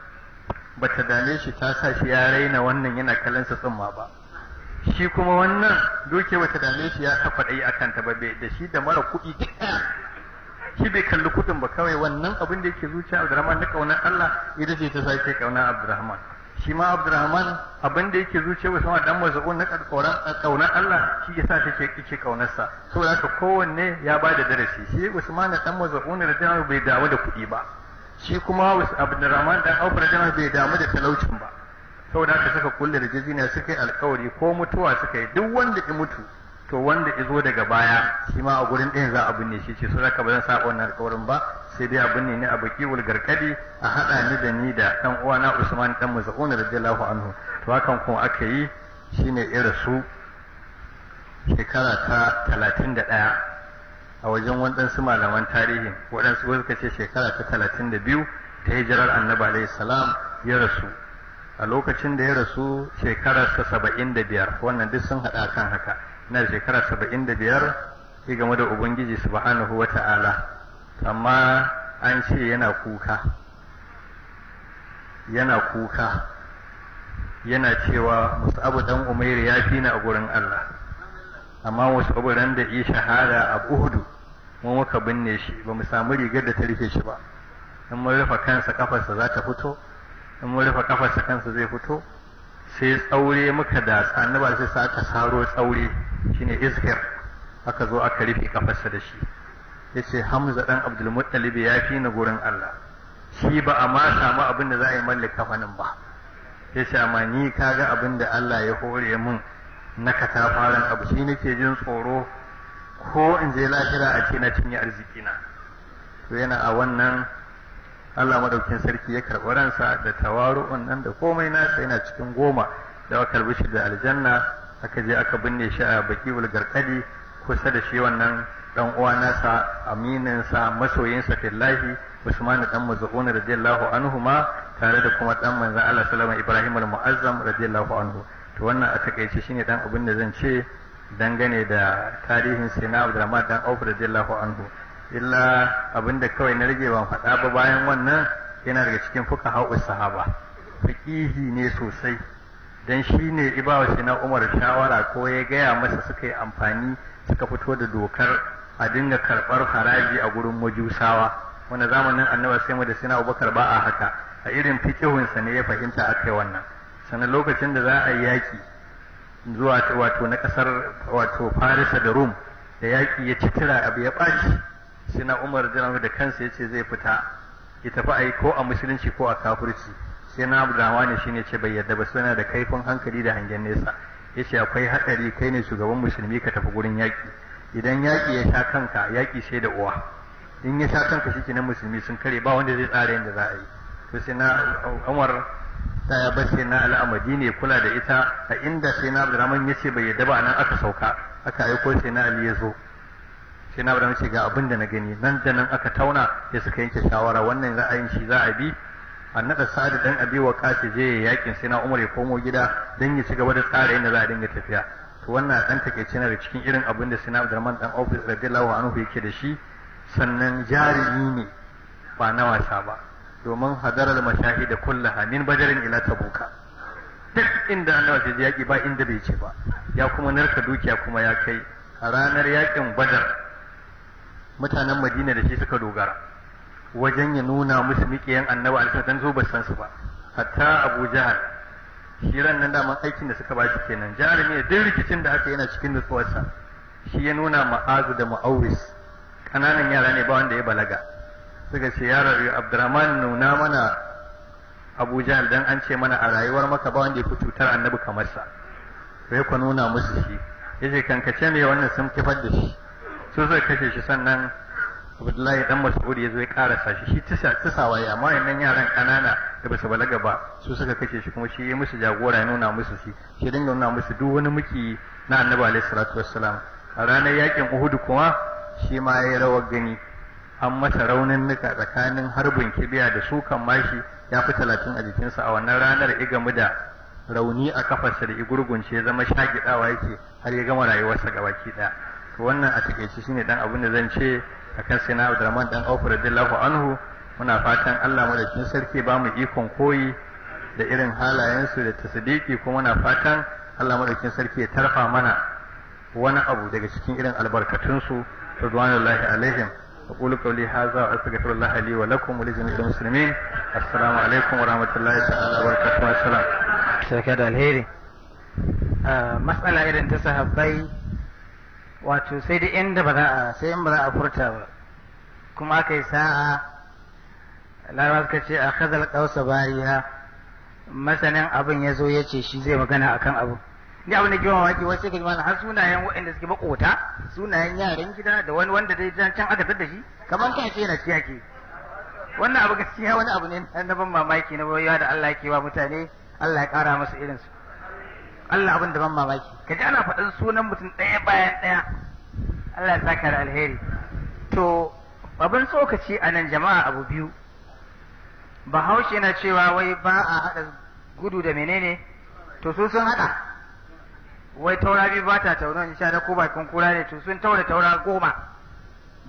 Speaker 1: ba ta dame shi ta sa shi ya raina wannan yana kallon sa tsumma ba shi kuma wannan doke ba ta dame shi ya kafa dai a ta ba da shi da mara kuɗi shi bai kalli kudin ba kawai wannan abin da yake zuciya Abdurrahman na ƙaunar Allah ita ce ta sake kauna Abdurrahman shi ma Abdurrahman abin da yake zuciya ba sama dan mazuƙo na ƙaunar Allah shi ya sa take kaunar ƙaunarsa saboda haka kowanne ya ba da darasi shi Usman dan mazuƙo ne da bai dawo da kuɗi ba shi kuma abdurrahman dan auf radiyallahu bai damu da talaucin ba saboda haka suka kulle da jizina suka yi alkawari ko mutuwa suka yi duk wanda ya mutu to wanda ya zo daga baya shi ma a gurin ɗayan za a binne shi ce sadaka ba zan sa wannan alkawarin ba sai dai a binne ni a bakiwul garkadi a haɗa ni da ni da ɗan uwana usman dan musa'un radiyallahu anhu to hakan kuma aka yi shine irin su shekara ta talatin da ɗaya a wajen waɗansu malaman tarihi waɗansu wasu ce shekara ta talatin da biyu ta hijirar annabi alayhi salam ya rasu a lokacin da ya rasu shekarar ta saba'in da biyar wannan duk sun haɗa kan haka na shekara saba'in da biyar ya game da ubangiji subhanahu wa ta'ala amma an ce yana kuka yana kuka yana cewa musabu dan umairu ya fi a gurin Allah amma wasu ran da yi shahada a buhudu mu muka binne shi ba mu samu rigar da ta rufe shi ba in mun rufe kansa kafarsa za ta fito in mun rufe kafarsa kansa zai fito sai tsaure muka da ba sai sa saro tsaure shine iskar aka zo aka rufe kafarsa da shi yace Hamza dan Abdul Muttalib ya fi ni gurin Allah shi ba a ma samu abin da za a yi mallaka kafanin ba yace amma ni kaga abin da Allah ya hore mun na katafaren abu shi nake jin tsoro ko in je lahira a ce na cinye arzikina to yana a wannan Allah madaukin sarki ya karɓi ransa da tawaru'un nan da komai na sai yana cikin goma da aka Bishir da aljanna aka je aka binne shi a baki garkadi kusa da shi wannan dan uwa nasa amininsa masoyinsa fillahi Usman dan Muzuhun radiyallahu anhu ma tare da kuma dan manzo Allah sallama Ibrahim al-Mu'azzam radiyallahu anhu to wannan a takeice shine dan abin da zan ce dangane da tarihin sai na Abdurrahman dan Auf an anhu illa abinda kawai na rage ban faɗa ba bayan wannan yana daga cikin fuka ha'u sahaba fakihi ne sosai dan shi ne iba wa na Umar shawara ko ya gaya masa suka yi amfani suka fito da dokar a dinga karɓar haraji a gurin majusawa wanda zamanin annabar sai mu da sina abubakar ba a haka a irin fikihunsa ne ya fahimta a kai wannan sannan lokacin da za a yi yaƙi zuwa wato na kasar wato farisa da rum da yaƙi ya ci tira abu ya ɓaci na umar jinahu da kansa ya ce zai fita ya tafi a yi ko a musulunci ko a kafurci sai na abdawa ne shine ce bai yadda ba suna da kaifin hankali da hangen nesa ya ce akwai haɗari kai ne shugaban musulmi ka tafi gurin yaƙi idan yaƙi ya sha kanka yaƙi sai da uwa in ya sha kanka shi na musulmi sun kare ba wanda zai tsara yadda za a yi to sai na umar ta ya bar na al'amadi ne kula da ita a inda sai na abdurrahman ya ce bai yadda ba nan aka sauka aka aiko sai na ali ya zo sai na abdurrahman ce ga abin da na gani nan da nan aka tauna sai suka yanke shawara wannan ra'ayin shi za a bi naɗa sa'ad dan abi wa kasi je yakin sai na umar ya komo gida dan ya ci gaba da tsara yadda za a dinga tafiya to wannan dan takaice na da cikin irin abin da na Abdurrahman dan Auf radiyallahu anhu yake da shi sannan jarumi ne ba na wasa ba domin hadarar mashahid da kulla min badarin ila tabuka duk inda annabi ya yaki ba inda bai ce ba ya kuma narka dukiya kuma ya kai a ranar yakin badar mutanen madina da shi suka dogara wajen ya nuna musu miƙiyan annabi alisa dan zo ba su ba hatta abu jahal shi ran nan daman aikin da suka ba shi kenan jarumi duk rikicin da aka yana cikin nutsuwarsa shi ya nuna ma'azu da ma'auris ƙananan yara ne ba wanda ya balaga suka ce ya rabi abdurrahman nuna mana abu jahal dan an ce mana a rayuwar maka ba wanda ya fi cutar annabi kamar sa sai ku nuna musu shi yace kankace me wannan sun kifar da shi su suka kashe shi sannan abdullahi dan mas'ud ya zo ya karasa shi shi tisa tisa waye amma wannan yaran kanana da su balaga ba su suka kashe shi kuma shi ya musu jagora ya nuna musu shi shi dinga nuna musu duk wani miki na annabi alaihi salatu wassalam a ranar yakin uhud kuma shi ma ya yi rawar gani an masa raunin nuka tsakanin harbin kibiya da sukan mashi ya fi talatin a jikinsa a wannan ranar ya gamu da rauni a kafarsa da igurgunce zama shagidawa yake har ya gama rayuwarsa baki ɗaya to wannan a takaice shine dan abin da zan ce akan sina Abdurrahman dan Auf radiyallahu anhu muna fatan Allah madaukakin sarki ba mu ikon koyi da irin halayensu da tasdiki kuma muna fatan Allah madaukakin sarki ya tarfa mana wani abu daga cikin irin albarkatunsu radwanullahi alaihim أقول قولي هذا وأستغفر الله لي ولكم ولجميع المسلمين السلام عليكم ورحمة الله تعالى وبركاته السلام شكرا da alheri
Speaker 2: ah, matsala irin ta sahabbai wato sai da inda ba a sai in furta ba kuma aka yi sa'a larabawa ce a khazal kausa bariya masanin abin ya zo ya ce shi zai magana akan abu ni abin da ke mamaki wasu ka ji mana har sunayen waɗanda suke makota sunayen yaran gida da wani wanda dai can aka da shi kamar kan ce na ke. wannan abu gaskiya wani abu ne na ban mamaki na bayuwa da Allah ke wa mutane Allah ya kara masu irin su Allah abin da ban mamaki Ka ji ana faɗin sunan mutum ɗaya bayan ɗaya Allah ya saka da alheri to abin tsokaci a nan jama'a abu biyu bahaushe na cewa wai ba a haɗa gudu da menene to su sun haɗa wai taura biyu ba ta in sha da ko bakin kura ne to sun taura taura goma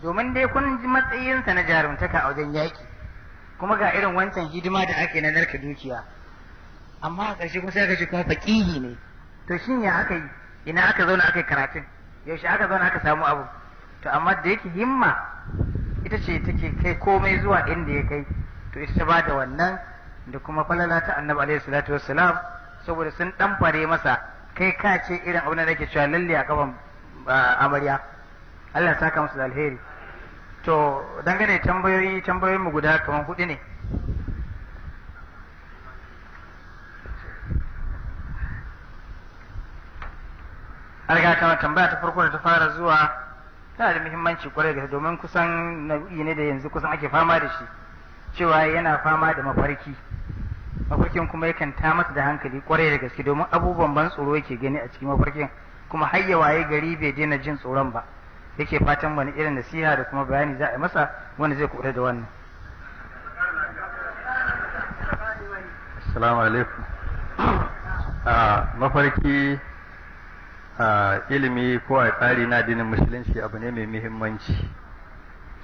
Speaker 2: domin dai kun ji matsayinsa na jarumtaka a wajen yaƙi kuma ga irin wancan hidima da ake na narka dukiya amma a ƙarshe kuma sai aka ce kuma faƙihi ne to shin ya aka yi ina aka zauna aka yi karatun yaushe aka zauna aka samu abu to amma da yake himma ita ce take kai komai zuwa inda ya kai to ita ta ba da wannan da kuma falala ta annabi alaihi salatu wassalam saboda sun ɗanfare masa kai ka ce irin abin da nake cewa lalle a kafan amarya Allah ya saka musu da alheri to dangane tambayoyi tambayoyin mu guda kaman hudu ne har ta tambaya ta farko da ta fara zuwa tana da muhimmanci kwarai da domin kusan nau'i ne da yanzu kusan ake fama da shi cewa yana fama da mafarki mafarkin kuma yakan ta masa da hankali kwarai da gaske domin abubuwan ban tsoro yake gani a cikin mafarkin kuma har ya waye gari bai daina jin tsoron ba yake fatan wani irin nasiha da kuma bayani za a masa wanda zai kuɗa da wannan
Speaker 1: assalamu alaikum ah, mafarki ah, ilimi ko a tsari na addinin musulunci abu ne mai muhimmanci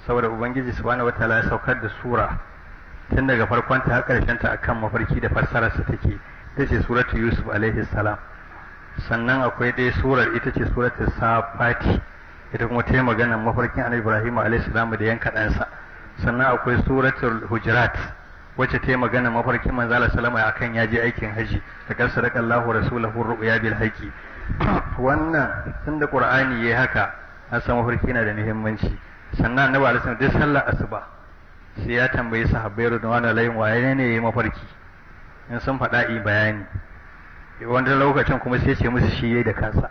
Speaker 1: saboda ubangiji subhanahu wataala ya saukar da sura tun daga farkon ta har karshen ta akan mafarki da fassarar sa take ita ce suratu yusuf alaihi salam sannan akwai dai surar ita ce suratu safati ita kuma ta yi maganar mafarkin annabi ibrahim alaihi salam da yanka ɗansa sannan akwai suratul hujurat wacce ta yi magana mafarkin manzo alaihi salam akan ya je aikin haji ta kar sadaka Allahu rasulahu ru'ya bil haqi wannan tunda Qur'ani yayi haka an san mafarki na da muhimmanci sannan annabi alaihi duk sallar asuba sai ya tambayi su sahabbai wani layin waye ne ya yi mafarki in sun faɗa yi bayani wanda lokacin kuma sai ce musu shi yayi da kansa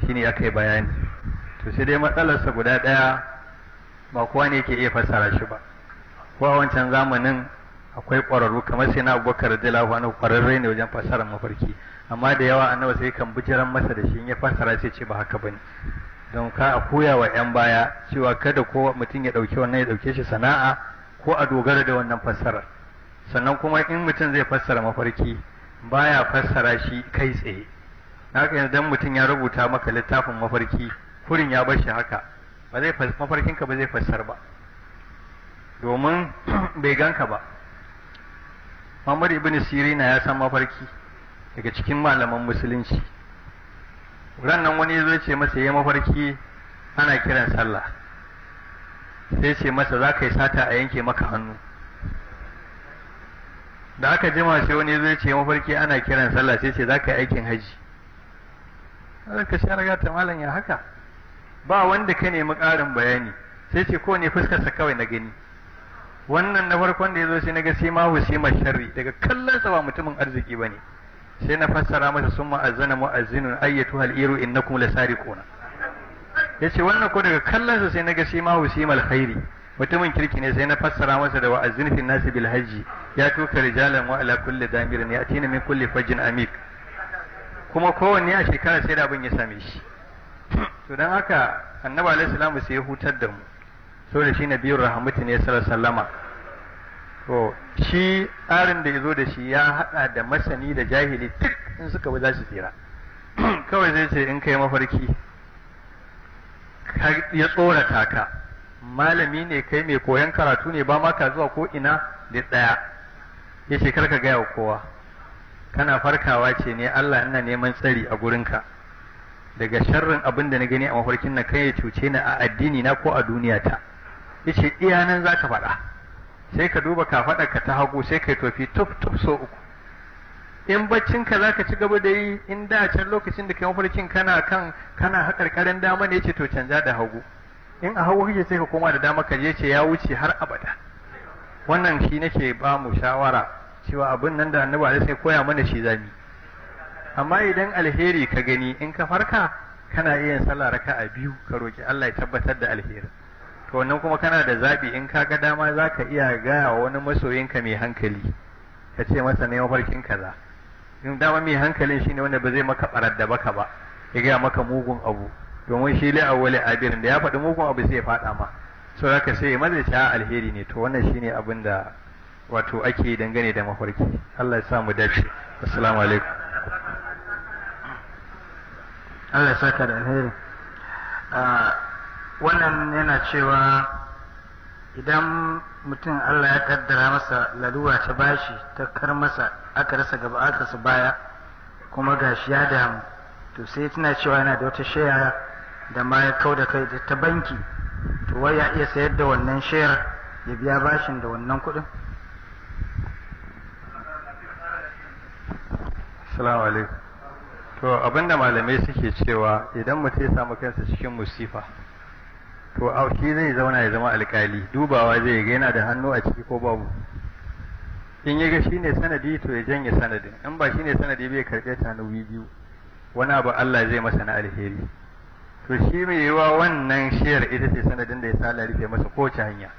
Speaker 1: shine aka yi bayani to sai dai matsalarsa guda ɗaya ba kowa ne yake iya fassara shi ba ko wancan zamanin akwai ƙwararru kamar sai na abubakar radiyallahu anhu ƙwararre ne wajen fassarar mafarki amma da yawa annabi sai kan bijiran masa da shi in ya fassara sai ce ba haka bane don ka a koya wa 'yan baya cewa kada kowa mutum ya ɗauki wannan ya ɗauke shi sana'a ko a dogara da wannan fassarar sannan kuma in mutum zai fassara mafarki baya fassara shi kai tsaye haka yanzu dan mutum ya rubuta maka littafin mafarki kurin ya bar shi haka ba zai mafarkin ka ba zai fassar ba domin bai ganka ba Muhammad ibn Sirina ya san mafarki daga cikin malaman musulunci ran nan wani zai ce masa ya mafarki ana kiran sallah sai ce masa za ka yi sata a yanke maka hannu da aka jima sai wani zai ce mafarki ana kiran sallah sai ce za ka yi aikin haji ka sha raga ta malam ya haka ba wanda ka nemi ƙarin bayani sai ce ko ne fuskarsa kawai na gani wannan na farkon da ya zo sai na ga sai ma husi sharri daga kallon sa ba mutumin arziki ba ne sai na fassara masa sun ma'azana mu'azzinun ayyatu hal'iru innakum lasariquna ya ce wannan ko daga kallonsa sai na ga shi ma husimal khairi mutumin kirki ne sai na fassara masa da wa'azin fi nasi bil hajji ya tuka rijalan wa ala kulli damirin ya tina min kulli fajin amik kuma kowanne a shekara sai da abin ya same shi to dan haka annabi alaihi salamu sai ya hutar da mu da shi nabiyur rahmatu ne sallallahu sallama to shi tsarin da yazo da shi ya hada da masani da jahili duk in suka ba za su tsira kawai zai ce in kai mafarki ya tsorata ka malami ne kai mai koyon karatu ne ba ma ka zuwa ko ina da tsaya ya shekar ka gaya wa kowa kana farkawa ce ne Allah ina neman tsari a gurinka daga sharrin abin da na gani a mafarkin na kai ya cuce ni a addini na ko a duniya ta yace iya nan zaka faɗa sai ka duba ka faɗa ka ta hagu sai kai tofi tuf tuf so uku in baccinka za ka ci gaba da yi in da can lokacin da kai mafarkin kana kan kana haƙarƙarin dama ne ce to canza da hagu in a hagu kake sai ka koma da dama ka ce ya wuce har abada wannan shi nake ba mu shawara cewa abin nan da annabi alaihi sai koya mana shi zami amma idan alheri ka gani in ka farka kana iya yin sallah raka'a biyu ka roki Allah ya tabbatar da alheri. to wannan kuma kana da zabi in ka ga dama zaka iya gaya wani masoyinka mai hankali ka ce masa ne mafarkin kaza in dama mai hankalin shine wanda ba zai maka barar da baka ba ya gaya maka mugun abu domin shi lai awwali abirin da ya faɗi mugun abu sai ya faɗa ma so haka sai ya maza ta alheri ne to wannan shine abin da wato ake dangane da mafarki Allah ya sa mu dace assalamu alaikum Allah ya saka da alheri
Speaker 2: ah, wannan yana cewa idan mutum Allah ya kaddara masa laluwa ta bashi ta kar masa aka rasa gaba aka su baya kuma gashi ya damu to sai tana cewa yana da wata shaya da ma ya kau da kai ta banki to wai ya iya sayar da wannan shayar ya biya bashin da wannan kuɗin
Speaker 1: Salamu alaikum. To abinda malamai suke cewa idan mutum ya samu kansa cikin musifa to shi zai zauna ya zama alkali dubawa zai ga yana da hannu a ciki ko babu in ya ga ne sanadi to ya janye sanadin in ba shi ne sanadi bai karɓe ta nauyi biyu wani abu Allah zai masa na alheri to shi mai yiwuwa wannan shiyar ita ce sanadin da ya sa Allah rufe masa kowace hanya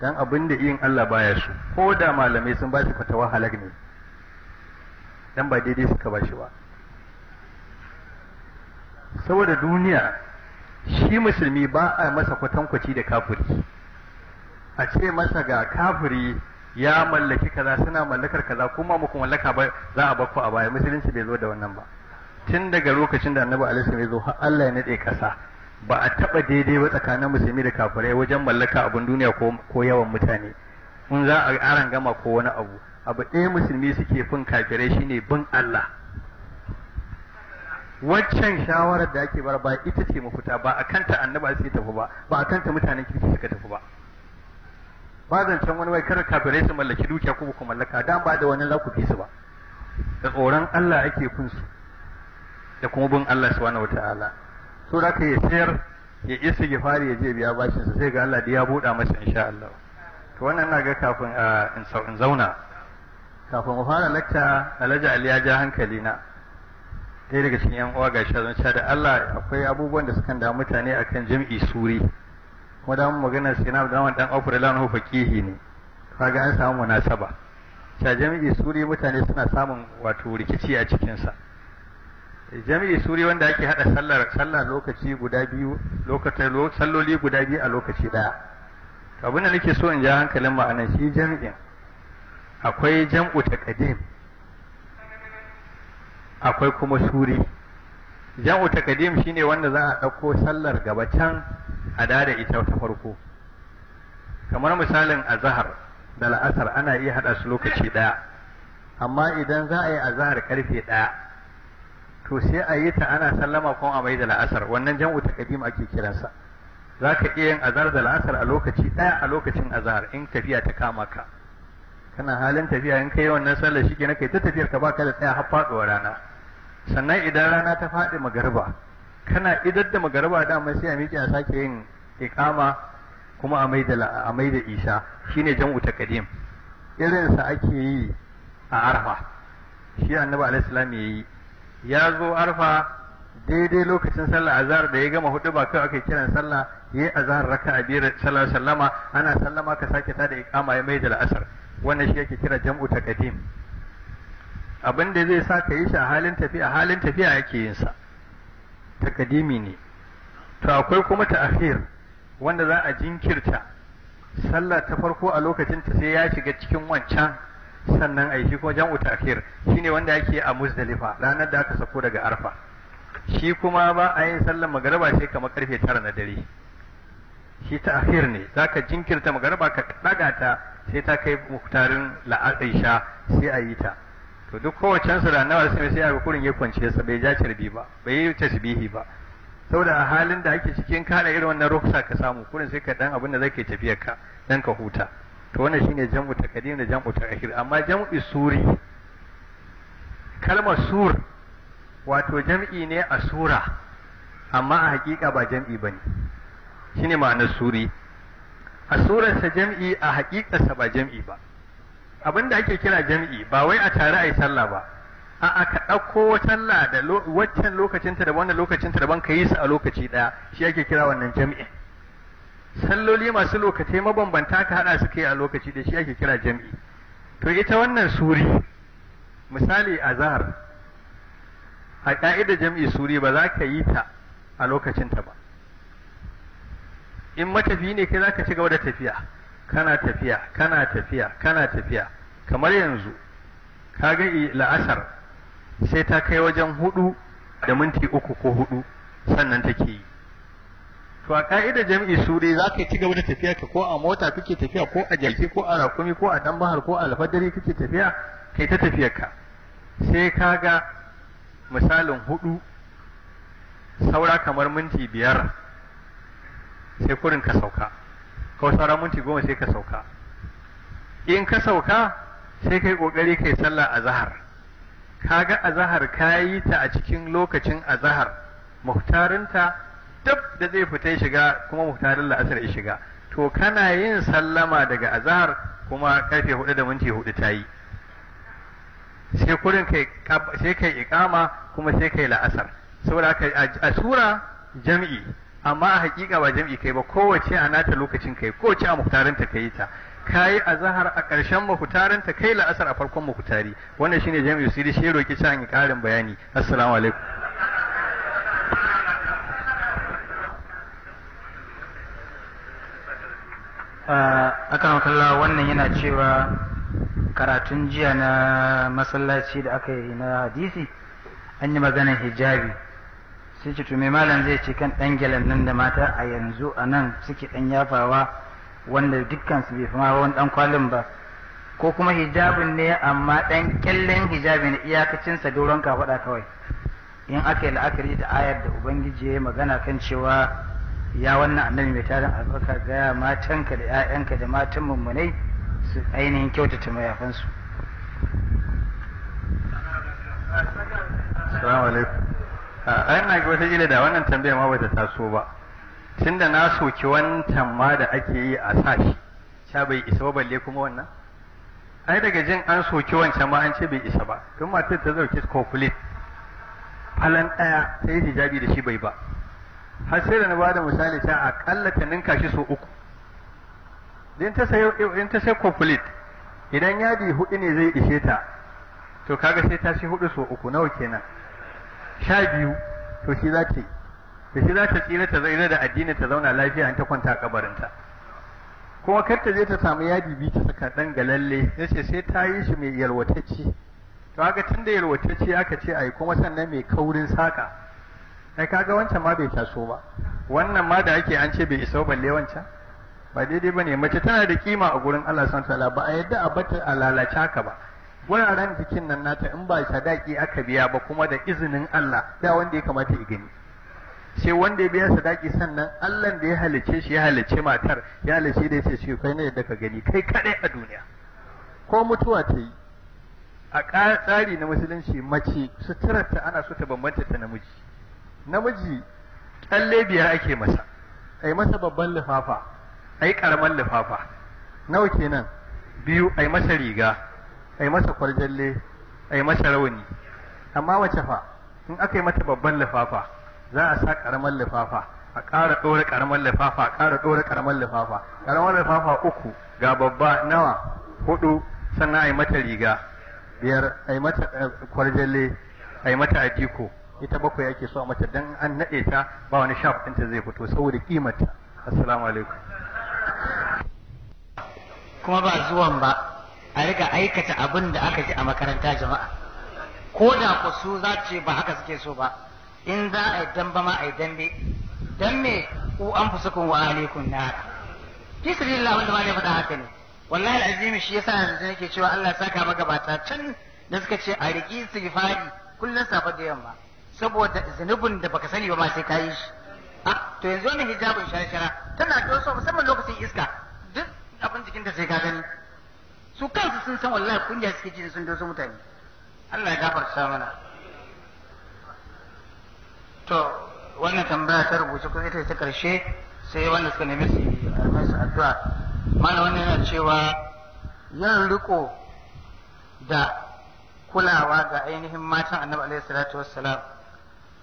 Speaker 1: dan abin da yin Allah baya su ko da malamai sun ba shi fatawa halak ne dan ba daidai suka ba shi ba saboda duniya shi musulmi ba a masa kwatankwaci da kafiri a ce masa ga kafiri ya mallaki kaza suna mallakar kaza kuma muku mallaka ba za a bakku a baya musulunci bai zo da wannan ba tun daga lokacin da annabi alaihi ya zo har Allah ya nade kasa ba a taba daidai ba tsakanin musulmi da kafirai wajen mallaka abin duniya ko yawan mutane in za a aran gama ko wani abu abu ɗaya musulmi suke fin kafirai shine bin Allah waccan shawarar da ake bar ba ita ce mafita ba a kanta annabi sai tafi ba ba a kanta mutanen kirki suka tafi ba ba zancen wani wai kada kafirai su mallaki dukiya ko ku mallaka dan ba da wani za ku fi su ba da tsoron Allah ake kun su da kuma bin Allah subhanahu wataala so da ka ya sayar ya isa ya fara ya je biya bashin sa sai ga Allah da ya buɗa masa insha Allah to wannan na ga kafin ah, in zauna kafin mu fara lakta Alhaji Ali ya ja hankali na ɗaya daga cikin yan uwa gashi zan da Allah akwai abubuwan da suka da mutane akan jami'i suri wadan maganar sinab da wannan ofar hu fakihi ne kaga an samu munasaba sha jami'i suri mutane suna samun wato rikici a cikinsa jami'i suri wanda ake hada sallar sallar lokaci guda biyu lokacin salloli guda biyu a lokaci daya abin da nake so in ji hankalin ma'anar shi jami'in akwai jam'u ta kadim akwai kuma suri jam'u ta kadim shine wanda za a dauko sallar gaba can a da ita ta farko kamar misalin azahar da la'asar ana iya haɗa su lokaci ɗaya amma idan za a yi azahar karfe ɗaya to sai a yi ta ana sallama kuma a mai da la'asar wannan jam'u ta kadim ake kiransa za ka iya yin azahar da la'asar a lokaci ɗaya a lokacin azahar in tafiya ta kama ka kana halin tafiya in kai wannan sallar shi na kai ta tafiyar ka baka da tsaya har faɗuwa rana sannan idan rana ta faɗi magariba kana idar da magaraba amma sai a miƙe a sake yin ikama kuma a mai da a mai da isha shine jam'u kadim irin sa ake yi a arfa shi annabi alaihi salam yayi ya zo arfa daidai lokacin sallah azhar da ya gama hudu ba kai aka kiran sallah yayi azhar raka'a biyar sallallahu sallama ana sallama ka sake da ikama ya mai da asar wannan shi yake kira jam'u ta kadim abin da zai sa ka yi shi a halin tafiya halin tafiya yake yin sa takadimi ne to akwai kuma ta'khir wanda za a jinkirta sallah ta farko a lokacin ta sai ya shiga cikin wancan sannan a yi shi kuma jam'u ta'khir shine wanda yake a Muzdalifa ranar da aka sako daga Arfa shi kuma ba a yin sallar magaraba sai kamar karfe tara na dare shi ta'khir ne zaka jinkirta magaraba ka daga ta sai ta kai muktarin la'aisha sai a yi ta to duk kowace su da annabi sai sai ga kurin ya kwance sa bai ja carbi ba bai yi tasbihi ba saboda a halin da ake cikin kana irin wannan ruksa ka samu kurin sai ka dan abin da zake tafiyar ka dan ka huta to wannan shine jam'u taqdim da jam'u ta'khir amma jam'u suri kalmar sur wato jam'i ne a sura amma a hakika ba jam'i bane shine ma'anar suri a surarsa jam'i a hakikarsa ba jam'i ba abin da ake kira jam'i ba wai a tare a yi sallah ba a aka ɗauko sallah da waccan lokacinta da wannan lokacinta daban ka yi su a lokaci ɗaya shi ake kira wannan jam'i salloli masu lokacai mabambanta ka haɗa su kai a lokaci da shi ake kira jam'i to ita wannan suri misali a zahar a ƙa'idar jam'i suri ba za ka yi ta a lokacinta ba in matafi ne kai za ka ci gaba da tafiya kana tafiya kana tafiya kana tafiya kamar yanzu ka ga la'asar sai ta kai wajen hudu da minti uku ko hudu sannan take yi to a ka'idar jami'i su dai za ka ci gaba da tafiya ka ko a mota kake tafiya ko a jalki ko a rakumi ko a dan bahar ko a alfadari kake tafiya kai ta tafiyar ka sai ka ga misalin hudu saura kamar minti biyar sai kurin ka sauka ko sauran minti goma sai ka sauka in ka sauka sai kai kokari kai sallah azhar kaga ka yi ta a cikin lokacin azahar muhtarinta duk da zai fita shiga kuma muhtarin la'asar ya shiga to kana yin sallama daga azahar kuma karfe hudu da minti hudu ta yi sai kurin kai sai kai ikama kuma sai kai la'asar saboda a sura jam'i amma a hakika ba jam'i kai ba kowace a nata lokacin kai kowace a muhtarinta ka yi ta kayi zahar a ƙarshen muhtarinta kai la'asar a farkon muhtari wannan shine jam'i dai shi roki can yi ƙarin bayani assalamu alaikum
Speaker 2: akan kalla wannan yana cewa karatun jiya na masallaci da aka yi na hadisi an yi maganar hijabi sai ce to me malam zai ce kan ɗan gyalan nan da mata a yanzu a nan suke ɗan yafawa wanda dukkan su bai fama ba wani ɗan kwalin ba ko kuma hijabin ne amma ɗan kyallen hijabi na iyakacinsa doron kafaɗa kawai in aka yi la'akari da ayar da ubangiji ya magana kan cewa ya wannan annabi mai tarin albarka ga matanka da 'ya'yanka da matan mummunai su ainihin kyautata
Speaker 1: mayafansu. Assalamu alaikum. a ina ga wata da wannan tambaya ma bata taso ba tun da na soki wancan ma da ake yi a sashi sha bai isa ba balle kuma wannan ai daga jin an soki wancan ma an ce bai isa ba tun matar ta zauki kofulit falan ɗaya ta yi hijabi da shi bai ba har sai da na bada misali ta akalla ta ninka shi so uku in ta sai in ta kofulit idan yadi hudu ne zai ishe ta to kaga sai ta shi hudu so uku nawa kenan sha biyu to shi za ta da shi za ta tsira ta zaira da addini ta zauna lafiya in ta kwanta a kabarinta kuma kar ta je ta samu yadi biyu ta saka dan galalle ya ce sai ta yi shi mai yalwatacce to haka tun da yalwatacce aka ce ai kuma sannan mai kaurin saka ai kaga wancan ma bai taso ba wannan ma da ake an ce bai isa balle wancan ba daidai bane mace tana da kima a gurin Allah subhanahu ba a yadda a bata a lalace ka ba wuraren bikin nan nata in ba sadaki aka biya ba kuma da izinin Allah da wanda ya kamata ya gani sai wanda ya biya sadaki sannan Allah da ya halice shi ya halice matar ya halice da yace shi kai ne yadda ka gani kai kadai a duniya ko mutuwa ta yi a tsari na musulunci mace suturarta ana so ta bambanta ta namiji namiji kalle biyar ake masa ai masa babban lifafa ai karaman lifafa nawa kenan biyu ai masa riga a yi mata kwarjalle a yi mata rauni amma wace fa in aka yi mata babban lifafa za a sa karamar lifafa a ƙara ɗora karamar lifafa a ƙara ɗora karamar lifafa karamar lifafa uku ga babba nawa hudu sannan a yi mata riga biyar a yi mata eh, kwarjalle a yi mata adiko ita bakwai ake so a mata dan an naɗe ta ba wani shaf ɗinta zai fito saboda kimarta assalamu alaikum kuma ba zuwan ba a
Speaker 2: riga aikata abin da aka ji a makaranta jama'a ko da ku su za ce ba haka suke so ba in za a yi damba ma a yi dambe dan me ku an fusukun wa alaikum na. nar fi sabilillah wanda ma ne faɗa haka ne wallahi alazimi shi yasa yanzu nake cewa Allah saka magabata can da suka ce a riki istighfari kullun safa da yamma saboda zunubin da baka sani ba ma sai ka yi shi a to yanzu wannan hijabin shara-shara tana da wasu musamman lokacin iska duk abin jikinta sai ka gani su kansu sun san wallahi kunya suke ji sun doso mutane Allah ya gafarta mana to wannan tambaya ta rubuce ko ita ta karshe sai wannan suka nemi su masu addu'a mana wannan yana cewa yin riko da kulawa ga ainihin matan annabi alaihi salatu wassalam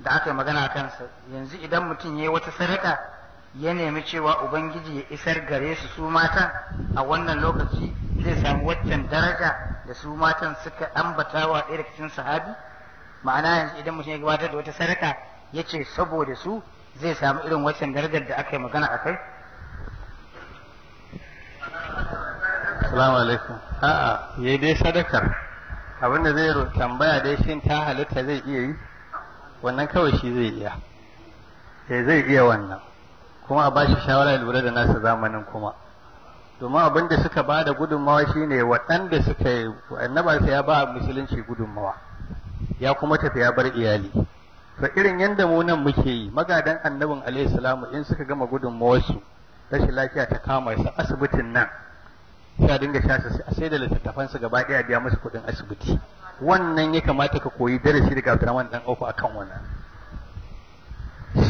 Speaker 2: da aka yi magana kansa yanzu idan mutum ya yi wata sadaka ya nemi cewa ubangiji ya isar gare su su matan a wannan lokaci zai samu waccan daraja da su matan suka ambata wa ɗaya cikin sahabi ma'ana yanzu idan mutum ya gabatar da wata sadaka ya ce saboda su zai samu irin waccan darajar da aka yi magana a kai
Speaker 1: Assalamu alaikum. A'a, ya dai sadakar. Abin da zai tambaya dai shin ta halitta zai iya yi? Wannan kawai shi zai iya. Eh zai iya wannan. kuma a bashi shawara ya lura da nasa zamanin kuma domin abin da suka ba da gudunmawa shine waɗanda suka yi annaba sai ya ba musulunci gudunmawa ya kuma tafi ya bar iyali to irin yadda mu nan muke yi magadan annabin alaihi salamu in suka gama su rashin lafiya ta kama su asibitin nan sai dinga sha su a sai da littattafan su gaba ɗaya biya musu kuɗin asibiti wannan ya kamata ka koyi darasi daga Abdurrahman dan a akan wannan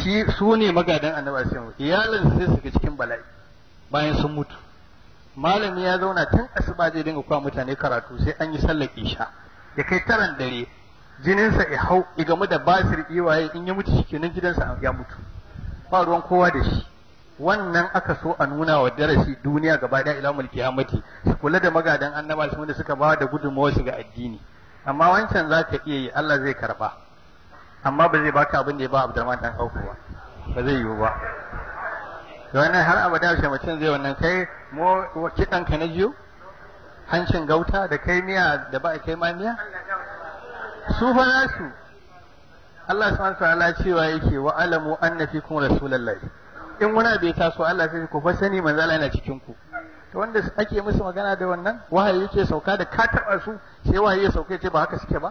Speaker 1: shi su ne magadan annabi sai iyalin sai su ga cikin bala'i bayan sun mutu malami ya zauna tun asuba zai dinga kwa mutane karatu sai an yi sallar isha ya kai taran dare jininsa ya hau ya gamu da basir iwaye in ya mutu nan gidansa ya mutu ba ruwan kowa da shi wannan aka so a nuna wa darasi duniya gaba da ilamul kiyamati su kula da magadan annaba su da suka ba da gudunmawa su ga addini amma wancan zaka iya yi Allah zai karba amma ba zai baka abin da ya ba Abdurrahman dan Auf ba ba zai yiwu ba to wannan har abada shi mutum zai wannan kai mu kidan ka na jiyo hancin gauta da kai miya da ba kai ma miya su fa za su Allah subhanahu wa ta'ala cewa yake wa alamu anna fikum rasulullahi in muna bai taso Allah sai ku fa sani manzo Allah yana cikin ku to wanda ake musu magana da wannan wahayi yake sauka da ka taba su sai wahayi ya sauka ce ba haka suke ba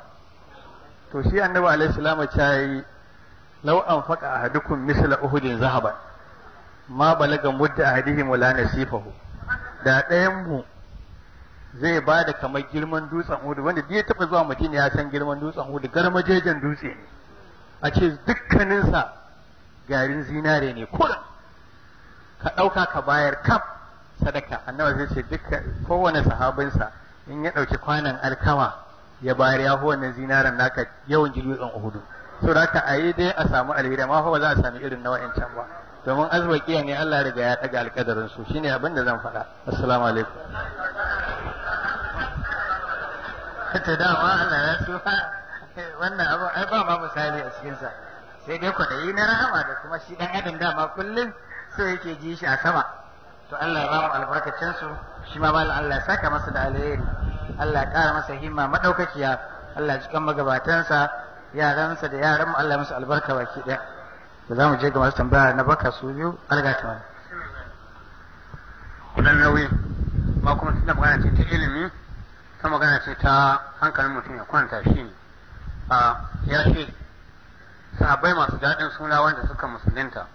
Speaker 1: to shi annabi alaihi salamu ta yi law an faqa ahadukum misla uhudin zahaban ma balaga mudda ahadihim la nasifahu da ɗayan mu zai ba da kamar girman dutsen hudu wanda duk ya taɓa zuwa madina ya san girman dutsen hudu garmajejen dutse ne a ce dukkaninsa garin zinare ne kurin ka ɗauka ka bayar kaf sadaka annabi zai ce dukkan kowane sahabinsa in ya ɗauki kwanan alkama ya bayar ya fi wannan zinaran naka yawan jirgin uhudu so da a ayi dai a samu alheri amma fa ba za a sami irin na wa'ancan ba domin azbakiya ne Allah riga ya daga alkadarin su shine abin da zan faɗa assalamu alaikum
Speaker 2: kace dama Allah ya tuha wannan abu ai ba ma misali a cikin sa sai dai kwadayi na rahama da kuma shi dan adam dama kullum sai yake ji shi a sama to Allah ya ba mu albarkacin su shi ma malam Allah ya saka masa da alheri Allah ya ƙara masa himma madaukakiya Allah ya cikan magabatansa yaransa da yaran mu Allah ya musu albarka baki ɗaya da za mu je ga masu tambaya na baka su biyu alga ta wani
Speaker 1: kudan nauyi ma kuma tunda magana ce ta ilimi ta magana ce ta hankalin mutum ya kwanta shi ne ya ce sahabbai masu daɗin suna wanda suka musulunta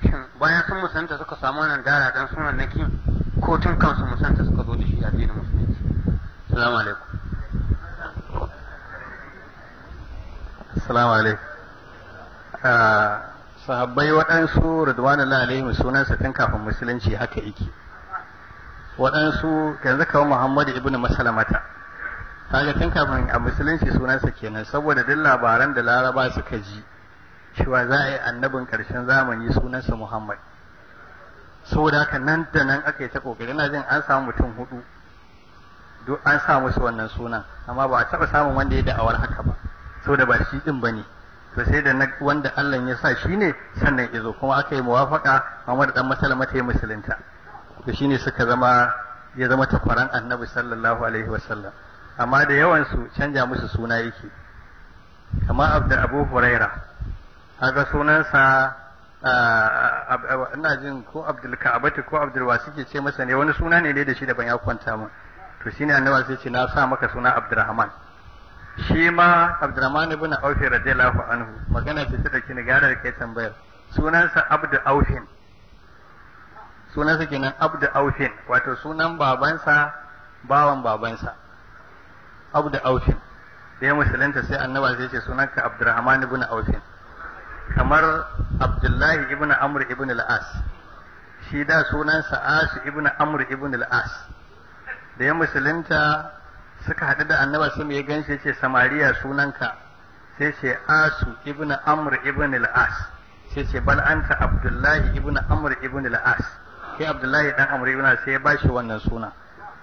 Speaker 1: shin bayan sun musanta suka samu wannan dara dan sunan naki ko tun kansu musanta suka zo da shi a addinin musulunci السلام عليكم السلام عليكم sahabbai waɗansu ridwanan alaihim sunansa tun kafin musulunci haka yake waɗansu yanzu kawo muhammadu ibnu masalamata kaga tun kafin a musulunci sunansa kenan saboda duk labaran da laraba suka ji cewa za a yi annabin ƙarshen zamani sunansa muhammad saboda haka nan da nan aka yi ta ƙoƙari na jin an samu mutum hudu duk an sa musu wannan sunan amma ba a taɓa samun wanda ya da'awar haka ba so da ba shi din ba ne to sai da wanda Allah ya sa shi ne sannan ya zo kuma aka yi muwafaka Muhammad dan Masalama ta yi musulunta to shine suka zama ya zama takwaran Annabi sallallahu alaihi wasallam amma da yawan su canja musu suna yake kamar Abdul Abu Huraira kaga sunansa ina jin ko Abdul Ka'abati ko Abdul ke ce masa ne wani suna ne da shi da ban ya kwanta mun to shi ne annabi sai ce na sa maka suna Abdurrahman shi ma Abdurrahman ibn aufi radiyallahu anhu magana ce ta dauki ni gara da kai tambayar sunansa Abdu Aufin sunansa kenan Abdu Aufin wato sunan babansa bawan babansa Abdu Aufin da ya musulunta sai annaba sai ce sunanka Abdurrahman ibn Aufin kamar Abdullahi ibn Amr ibn al-As shi da sunansa Asu ibn Amr ibn al-As da ya musulunta suka haɗu da annaba sun ya ganshi ce samariya sunanka sai ce asu ibn amr ibn al-as sai ce bal anta abdullahi ibn amr ibn al-as sai abdullahi dan amr ibn sai ya ba shi wannan suna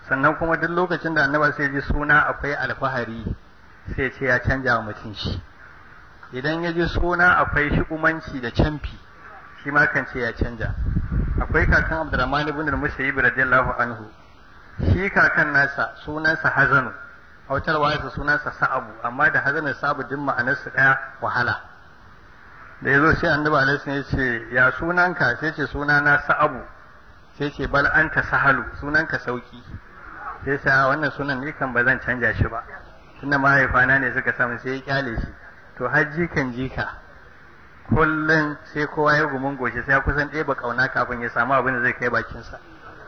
Speaker 1: sannan kuma duk lokacin da annaba sai ji suna akwai alfahari sai ce ya canja wa mutum shi idan ya ji suna akwai shi'umanci da camfi shi ma kan ce ya canja akwai kakan abdurrahman ibn al-musayyib radiyallahu anhu shi kakan nasa sunansa hazanu a wutar wayarsa sunansa sa'abu amma da hazanin sa'abu din ma'anarsa daya wahala da ya yazo sai annabi alaihi ya ce ya sunanka sai ce sunana sa'abu sai ce bal anta sahalu sunanka sauki sai sa wannan sunan ne kan ba zan canja shi ba tunda mahaifana ne suka samu sai ya kyale shi to hajji kan jika kullum sai kowa ya gumin goshi sai ya kusan ɗeba kauna kafin ya samu abin da zai kai bakinsa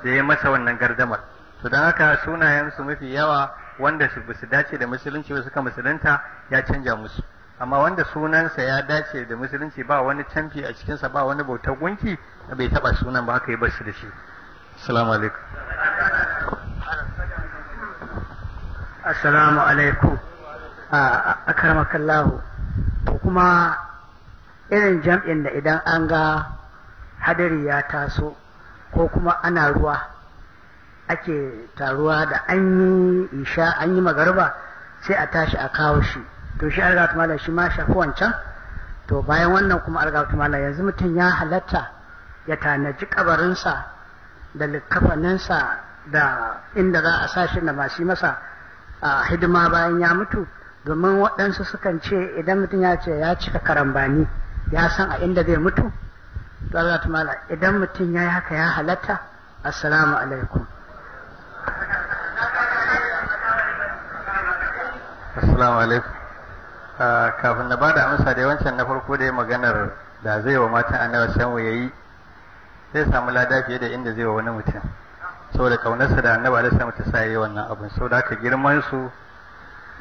Speaker 1: da ya masa wannan gardamar su don haka sunayensu mafi yawa wanda su bisu dace da musulunci ba suka musulunta ya canja musu amma wanda sunansa ya dace da musulunci ba wani canfi a cikinsa ba wani bautar gunki bai taba sunan ba haka yi basu da shi assalamu alaikum assalamu alaikum Kallahu. to kuma
Speaker 2: irin jam'in da idan an ga hadari ya taso ko kuma ana ruwa ake taruwa da an yi isha an yi magarba sai a tashi a kawo shi to shi algatu malam shi ma shafi wancan to bayan wannan kuma algatu malam yanzu mutum ya halatta ya tanaji kabarinsa da likkafaninsa da inda za a sa shi da masu masa a hidima bayan ya mutu domin waɗansu sukan ce idan mutum ya ce ya cika karambani ya san a inda zai mutu to algatu idan mutum ya yi haka ya halatta assalamu alaikum
Speaker 1: assalamu alaikum ah, kafin na bada amsa da wancan na farko da maganar da zai wa mata matan annabi sanwa yayi zai samu lada fiye da inda zai wa wani mutum saboda kaunarsa da annabi alaihi salam ta sa yi wannan abin saboda haka girman su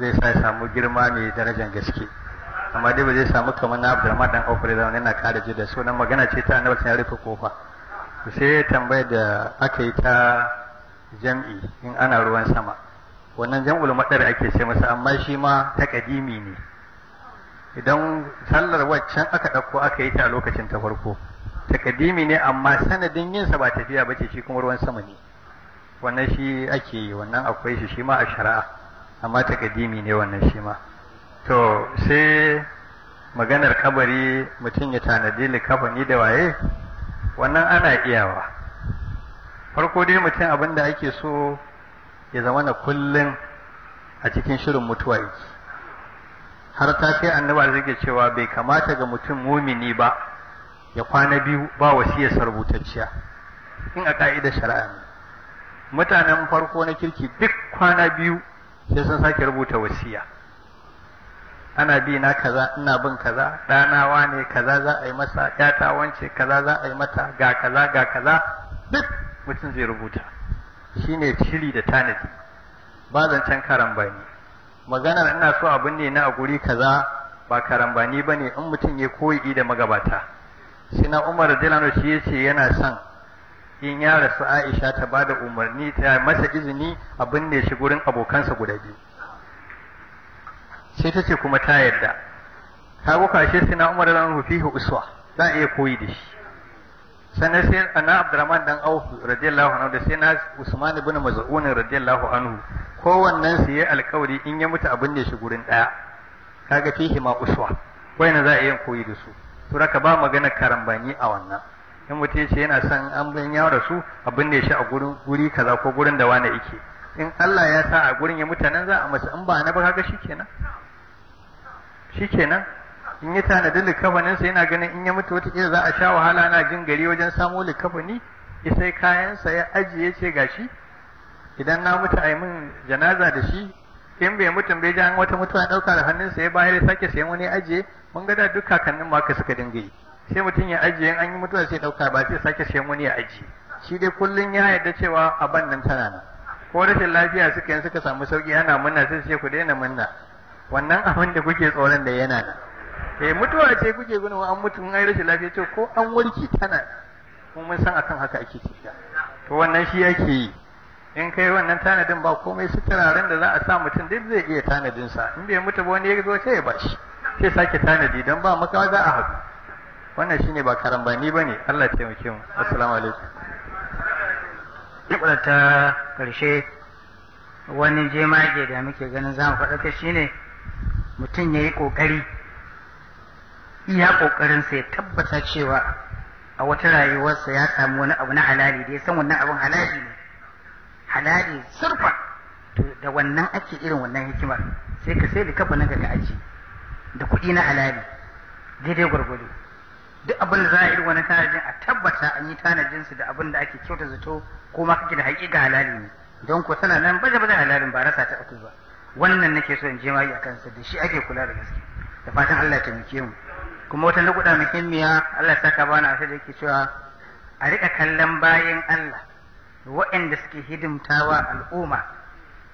Speaker 1: zai sa samu girma mai darajar gaske amma dai ba zai samu kamar na Abdulrahman dan Aufre da na kada ji da sunan magana ce ta annabi ya rufe kofa sai sai tambayar da aka yi ta jam'i in ana ruwan sama wannan jam'ul madar ake ce masa amma shi ma ta kadimi ne idan sallar waccan aka ɗauko aka yi ta a lokacin ta farko ta kadimi ne amma sanadin yinsa ba tafiya ba ce shi kuma ruwan sama ne wannan shi ake yi wannan akwai shi shi ma a shari'a amma ta kadimi ne wannan shi ma to sai maganar kabari mutum ya tanadi likafani da waye wannan ana iyawa farko dai mutum abin da ake so ya zama na kullum a cikin shirin mutuwa yake har ta sai annaba zai cewa bai kamata ga mutum mumini ba ya kwana biyu ba wasiyarsa rubutacciya in a ka'idar shari'a ne mutanen farko na kirki duk kwana biyu sai sun sake rubuta wasiya ana bi na kaza ina bin kaza ɗanawa ne kaza za a yi masa ƴata wance kaza za a yi mata ga kaza ga kaza duk mutum zai rubuta Shi ne shiri da tanadi ba zancen karambani maganar ina so abin ne na a guri kaza ba karambani ba ne in mutum ya koyi da magabata Sina na umar dilano shi yace yana son in ya rasu aisha ta ba da umarni ta masa izini abin ne shi gurin abokansa guda biyu sai ta ce kuma ta yarda ka guka shi umar dilano fihi uswa za a iya koyi da shi sannan sai na abdurrahman dan auf radiyallahu anhu da sai na usman ibn maz'un radiyallahu anhu kowannen su yayi alkawari in ya mutu abin da shi gurin daya kaga fihi ma uswa wayan za a yi koyi da su to raka ba magana karambani a wannan in mutum ce yana son an bin ya rasu abin da shi a gurin guri kaza ko gurin da wani yake in Allah ya sa a gurin ya mutanen za a masa in ba na ba kaga shikenan shikenan in ya tanadi likafaninsa yana ganin in ya mutu wata za a sha wahala na jin gari wajen samo likafani ya sai kayansa ya ajiye ce gashi idan na mutu a yi min janaza da shi in bai mutum bai an wata mutuwa ɗauka da hannunsa ya bayar ya sake sai wani ajiye mun ga da duk kakannin ma suka dinga yi sai mutum ya ajiye an yi mutuwa sai ɗauka ba sai sake sai wani ya ajiye shi dai kullum ya yarda cewa a ban nan tana nan ko rashin lafiya suka yin suka samu sauki ana murna sai sai ce ku daina murna wannan abin da kuke tsoron da yana nan eh mutuwa ce kuke wa an mutu an rashin lafiya to ko an warki tana kuma mun san akan haka ake cewa to wannan shi yake yi in kai wannan tanadin ba komai su turaren da za a sa mutum duk zai iya tanadin sa in bai mutu ba wani ya zo sai ya bashi sai sake tanadi dan ba makawa za a haɗu wannan shine ba karambani bane Allah ya taimake mu assalamu alaikum Nukula ta ƙarshe wani jemage da
Speaker 2: muke ganin za mu shi shine mutum ya yi ƙoƙari iya kokarin ya tabbata cewa a wata rayuwarsa ya samu wani abu na halali da ya san wannan abin halali ne halali surfa to da wannan ake irin wannan hikimar sai ka sai kafa na ka aji da kuɗi na halali daidai gwargwado duk abin da za a yi wani tanajin a tabbata an yi tanajin su da abin da ake kyauta zato ko ma kake da haƙiƙa halali ne don ko tana nan baje baje halalin ba rasa ta akai ba wannan nake so in je ma yi akan sa da shi ake kula da gaske da fatan Allah ya taimake mu kuma wata lukuda muhimmiya Allah Ta saka bana a da yake cewa a rika kallon bayan Allah waɗanda suke hidimtawa al'umma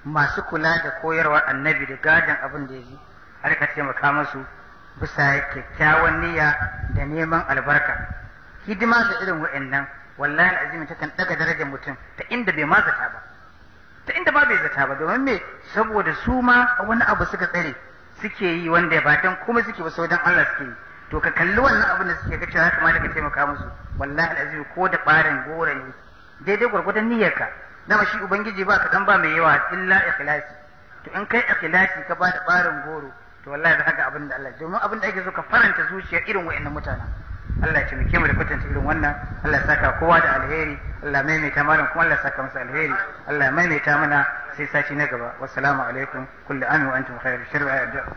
Speaker 2: masu kula da koyarwa annabi da gadon abin da ya ji a rika taimaka musu bisa kyakkyawan niyya da neman albarka hidima da irin wa'annan wallahi al'azim ta kan daga darajar mutum ta inda bai ma zata ba ta inda ba bai zata ba domin me saboda su ma wani abu suka tsare suke yi wanda ba dan kuma suke ba sau Allah suke yi to ka kalli wannan abin da suke ga cewa ya kamata ka taimaka musu wallahi alazim ko da barin gora ne daidai gwargwadon niyyarka dama shi ubangiji ba ka dan ba mai yawa illa ikhlasi to in kai ikhlasi ka ba da barin goro to wallahi za ka abin da Allah domin abin da ake so ka faranta zuciya irin wa'annan mutanen Allah ya taimake mu da kwatanta irin wannan Allah ya saka kowa da alheri Allah mai maimaita malam kuma Allah ya saka masa alheri Allah ya maimaita mana sai sati na gaba wassalamu alaikum kullu amin wa antum khairu shar'a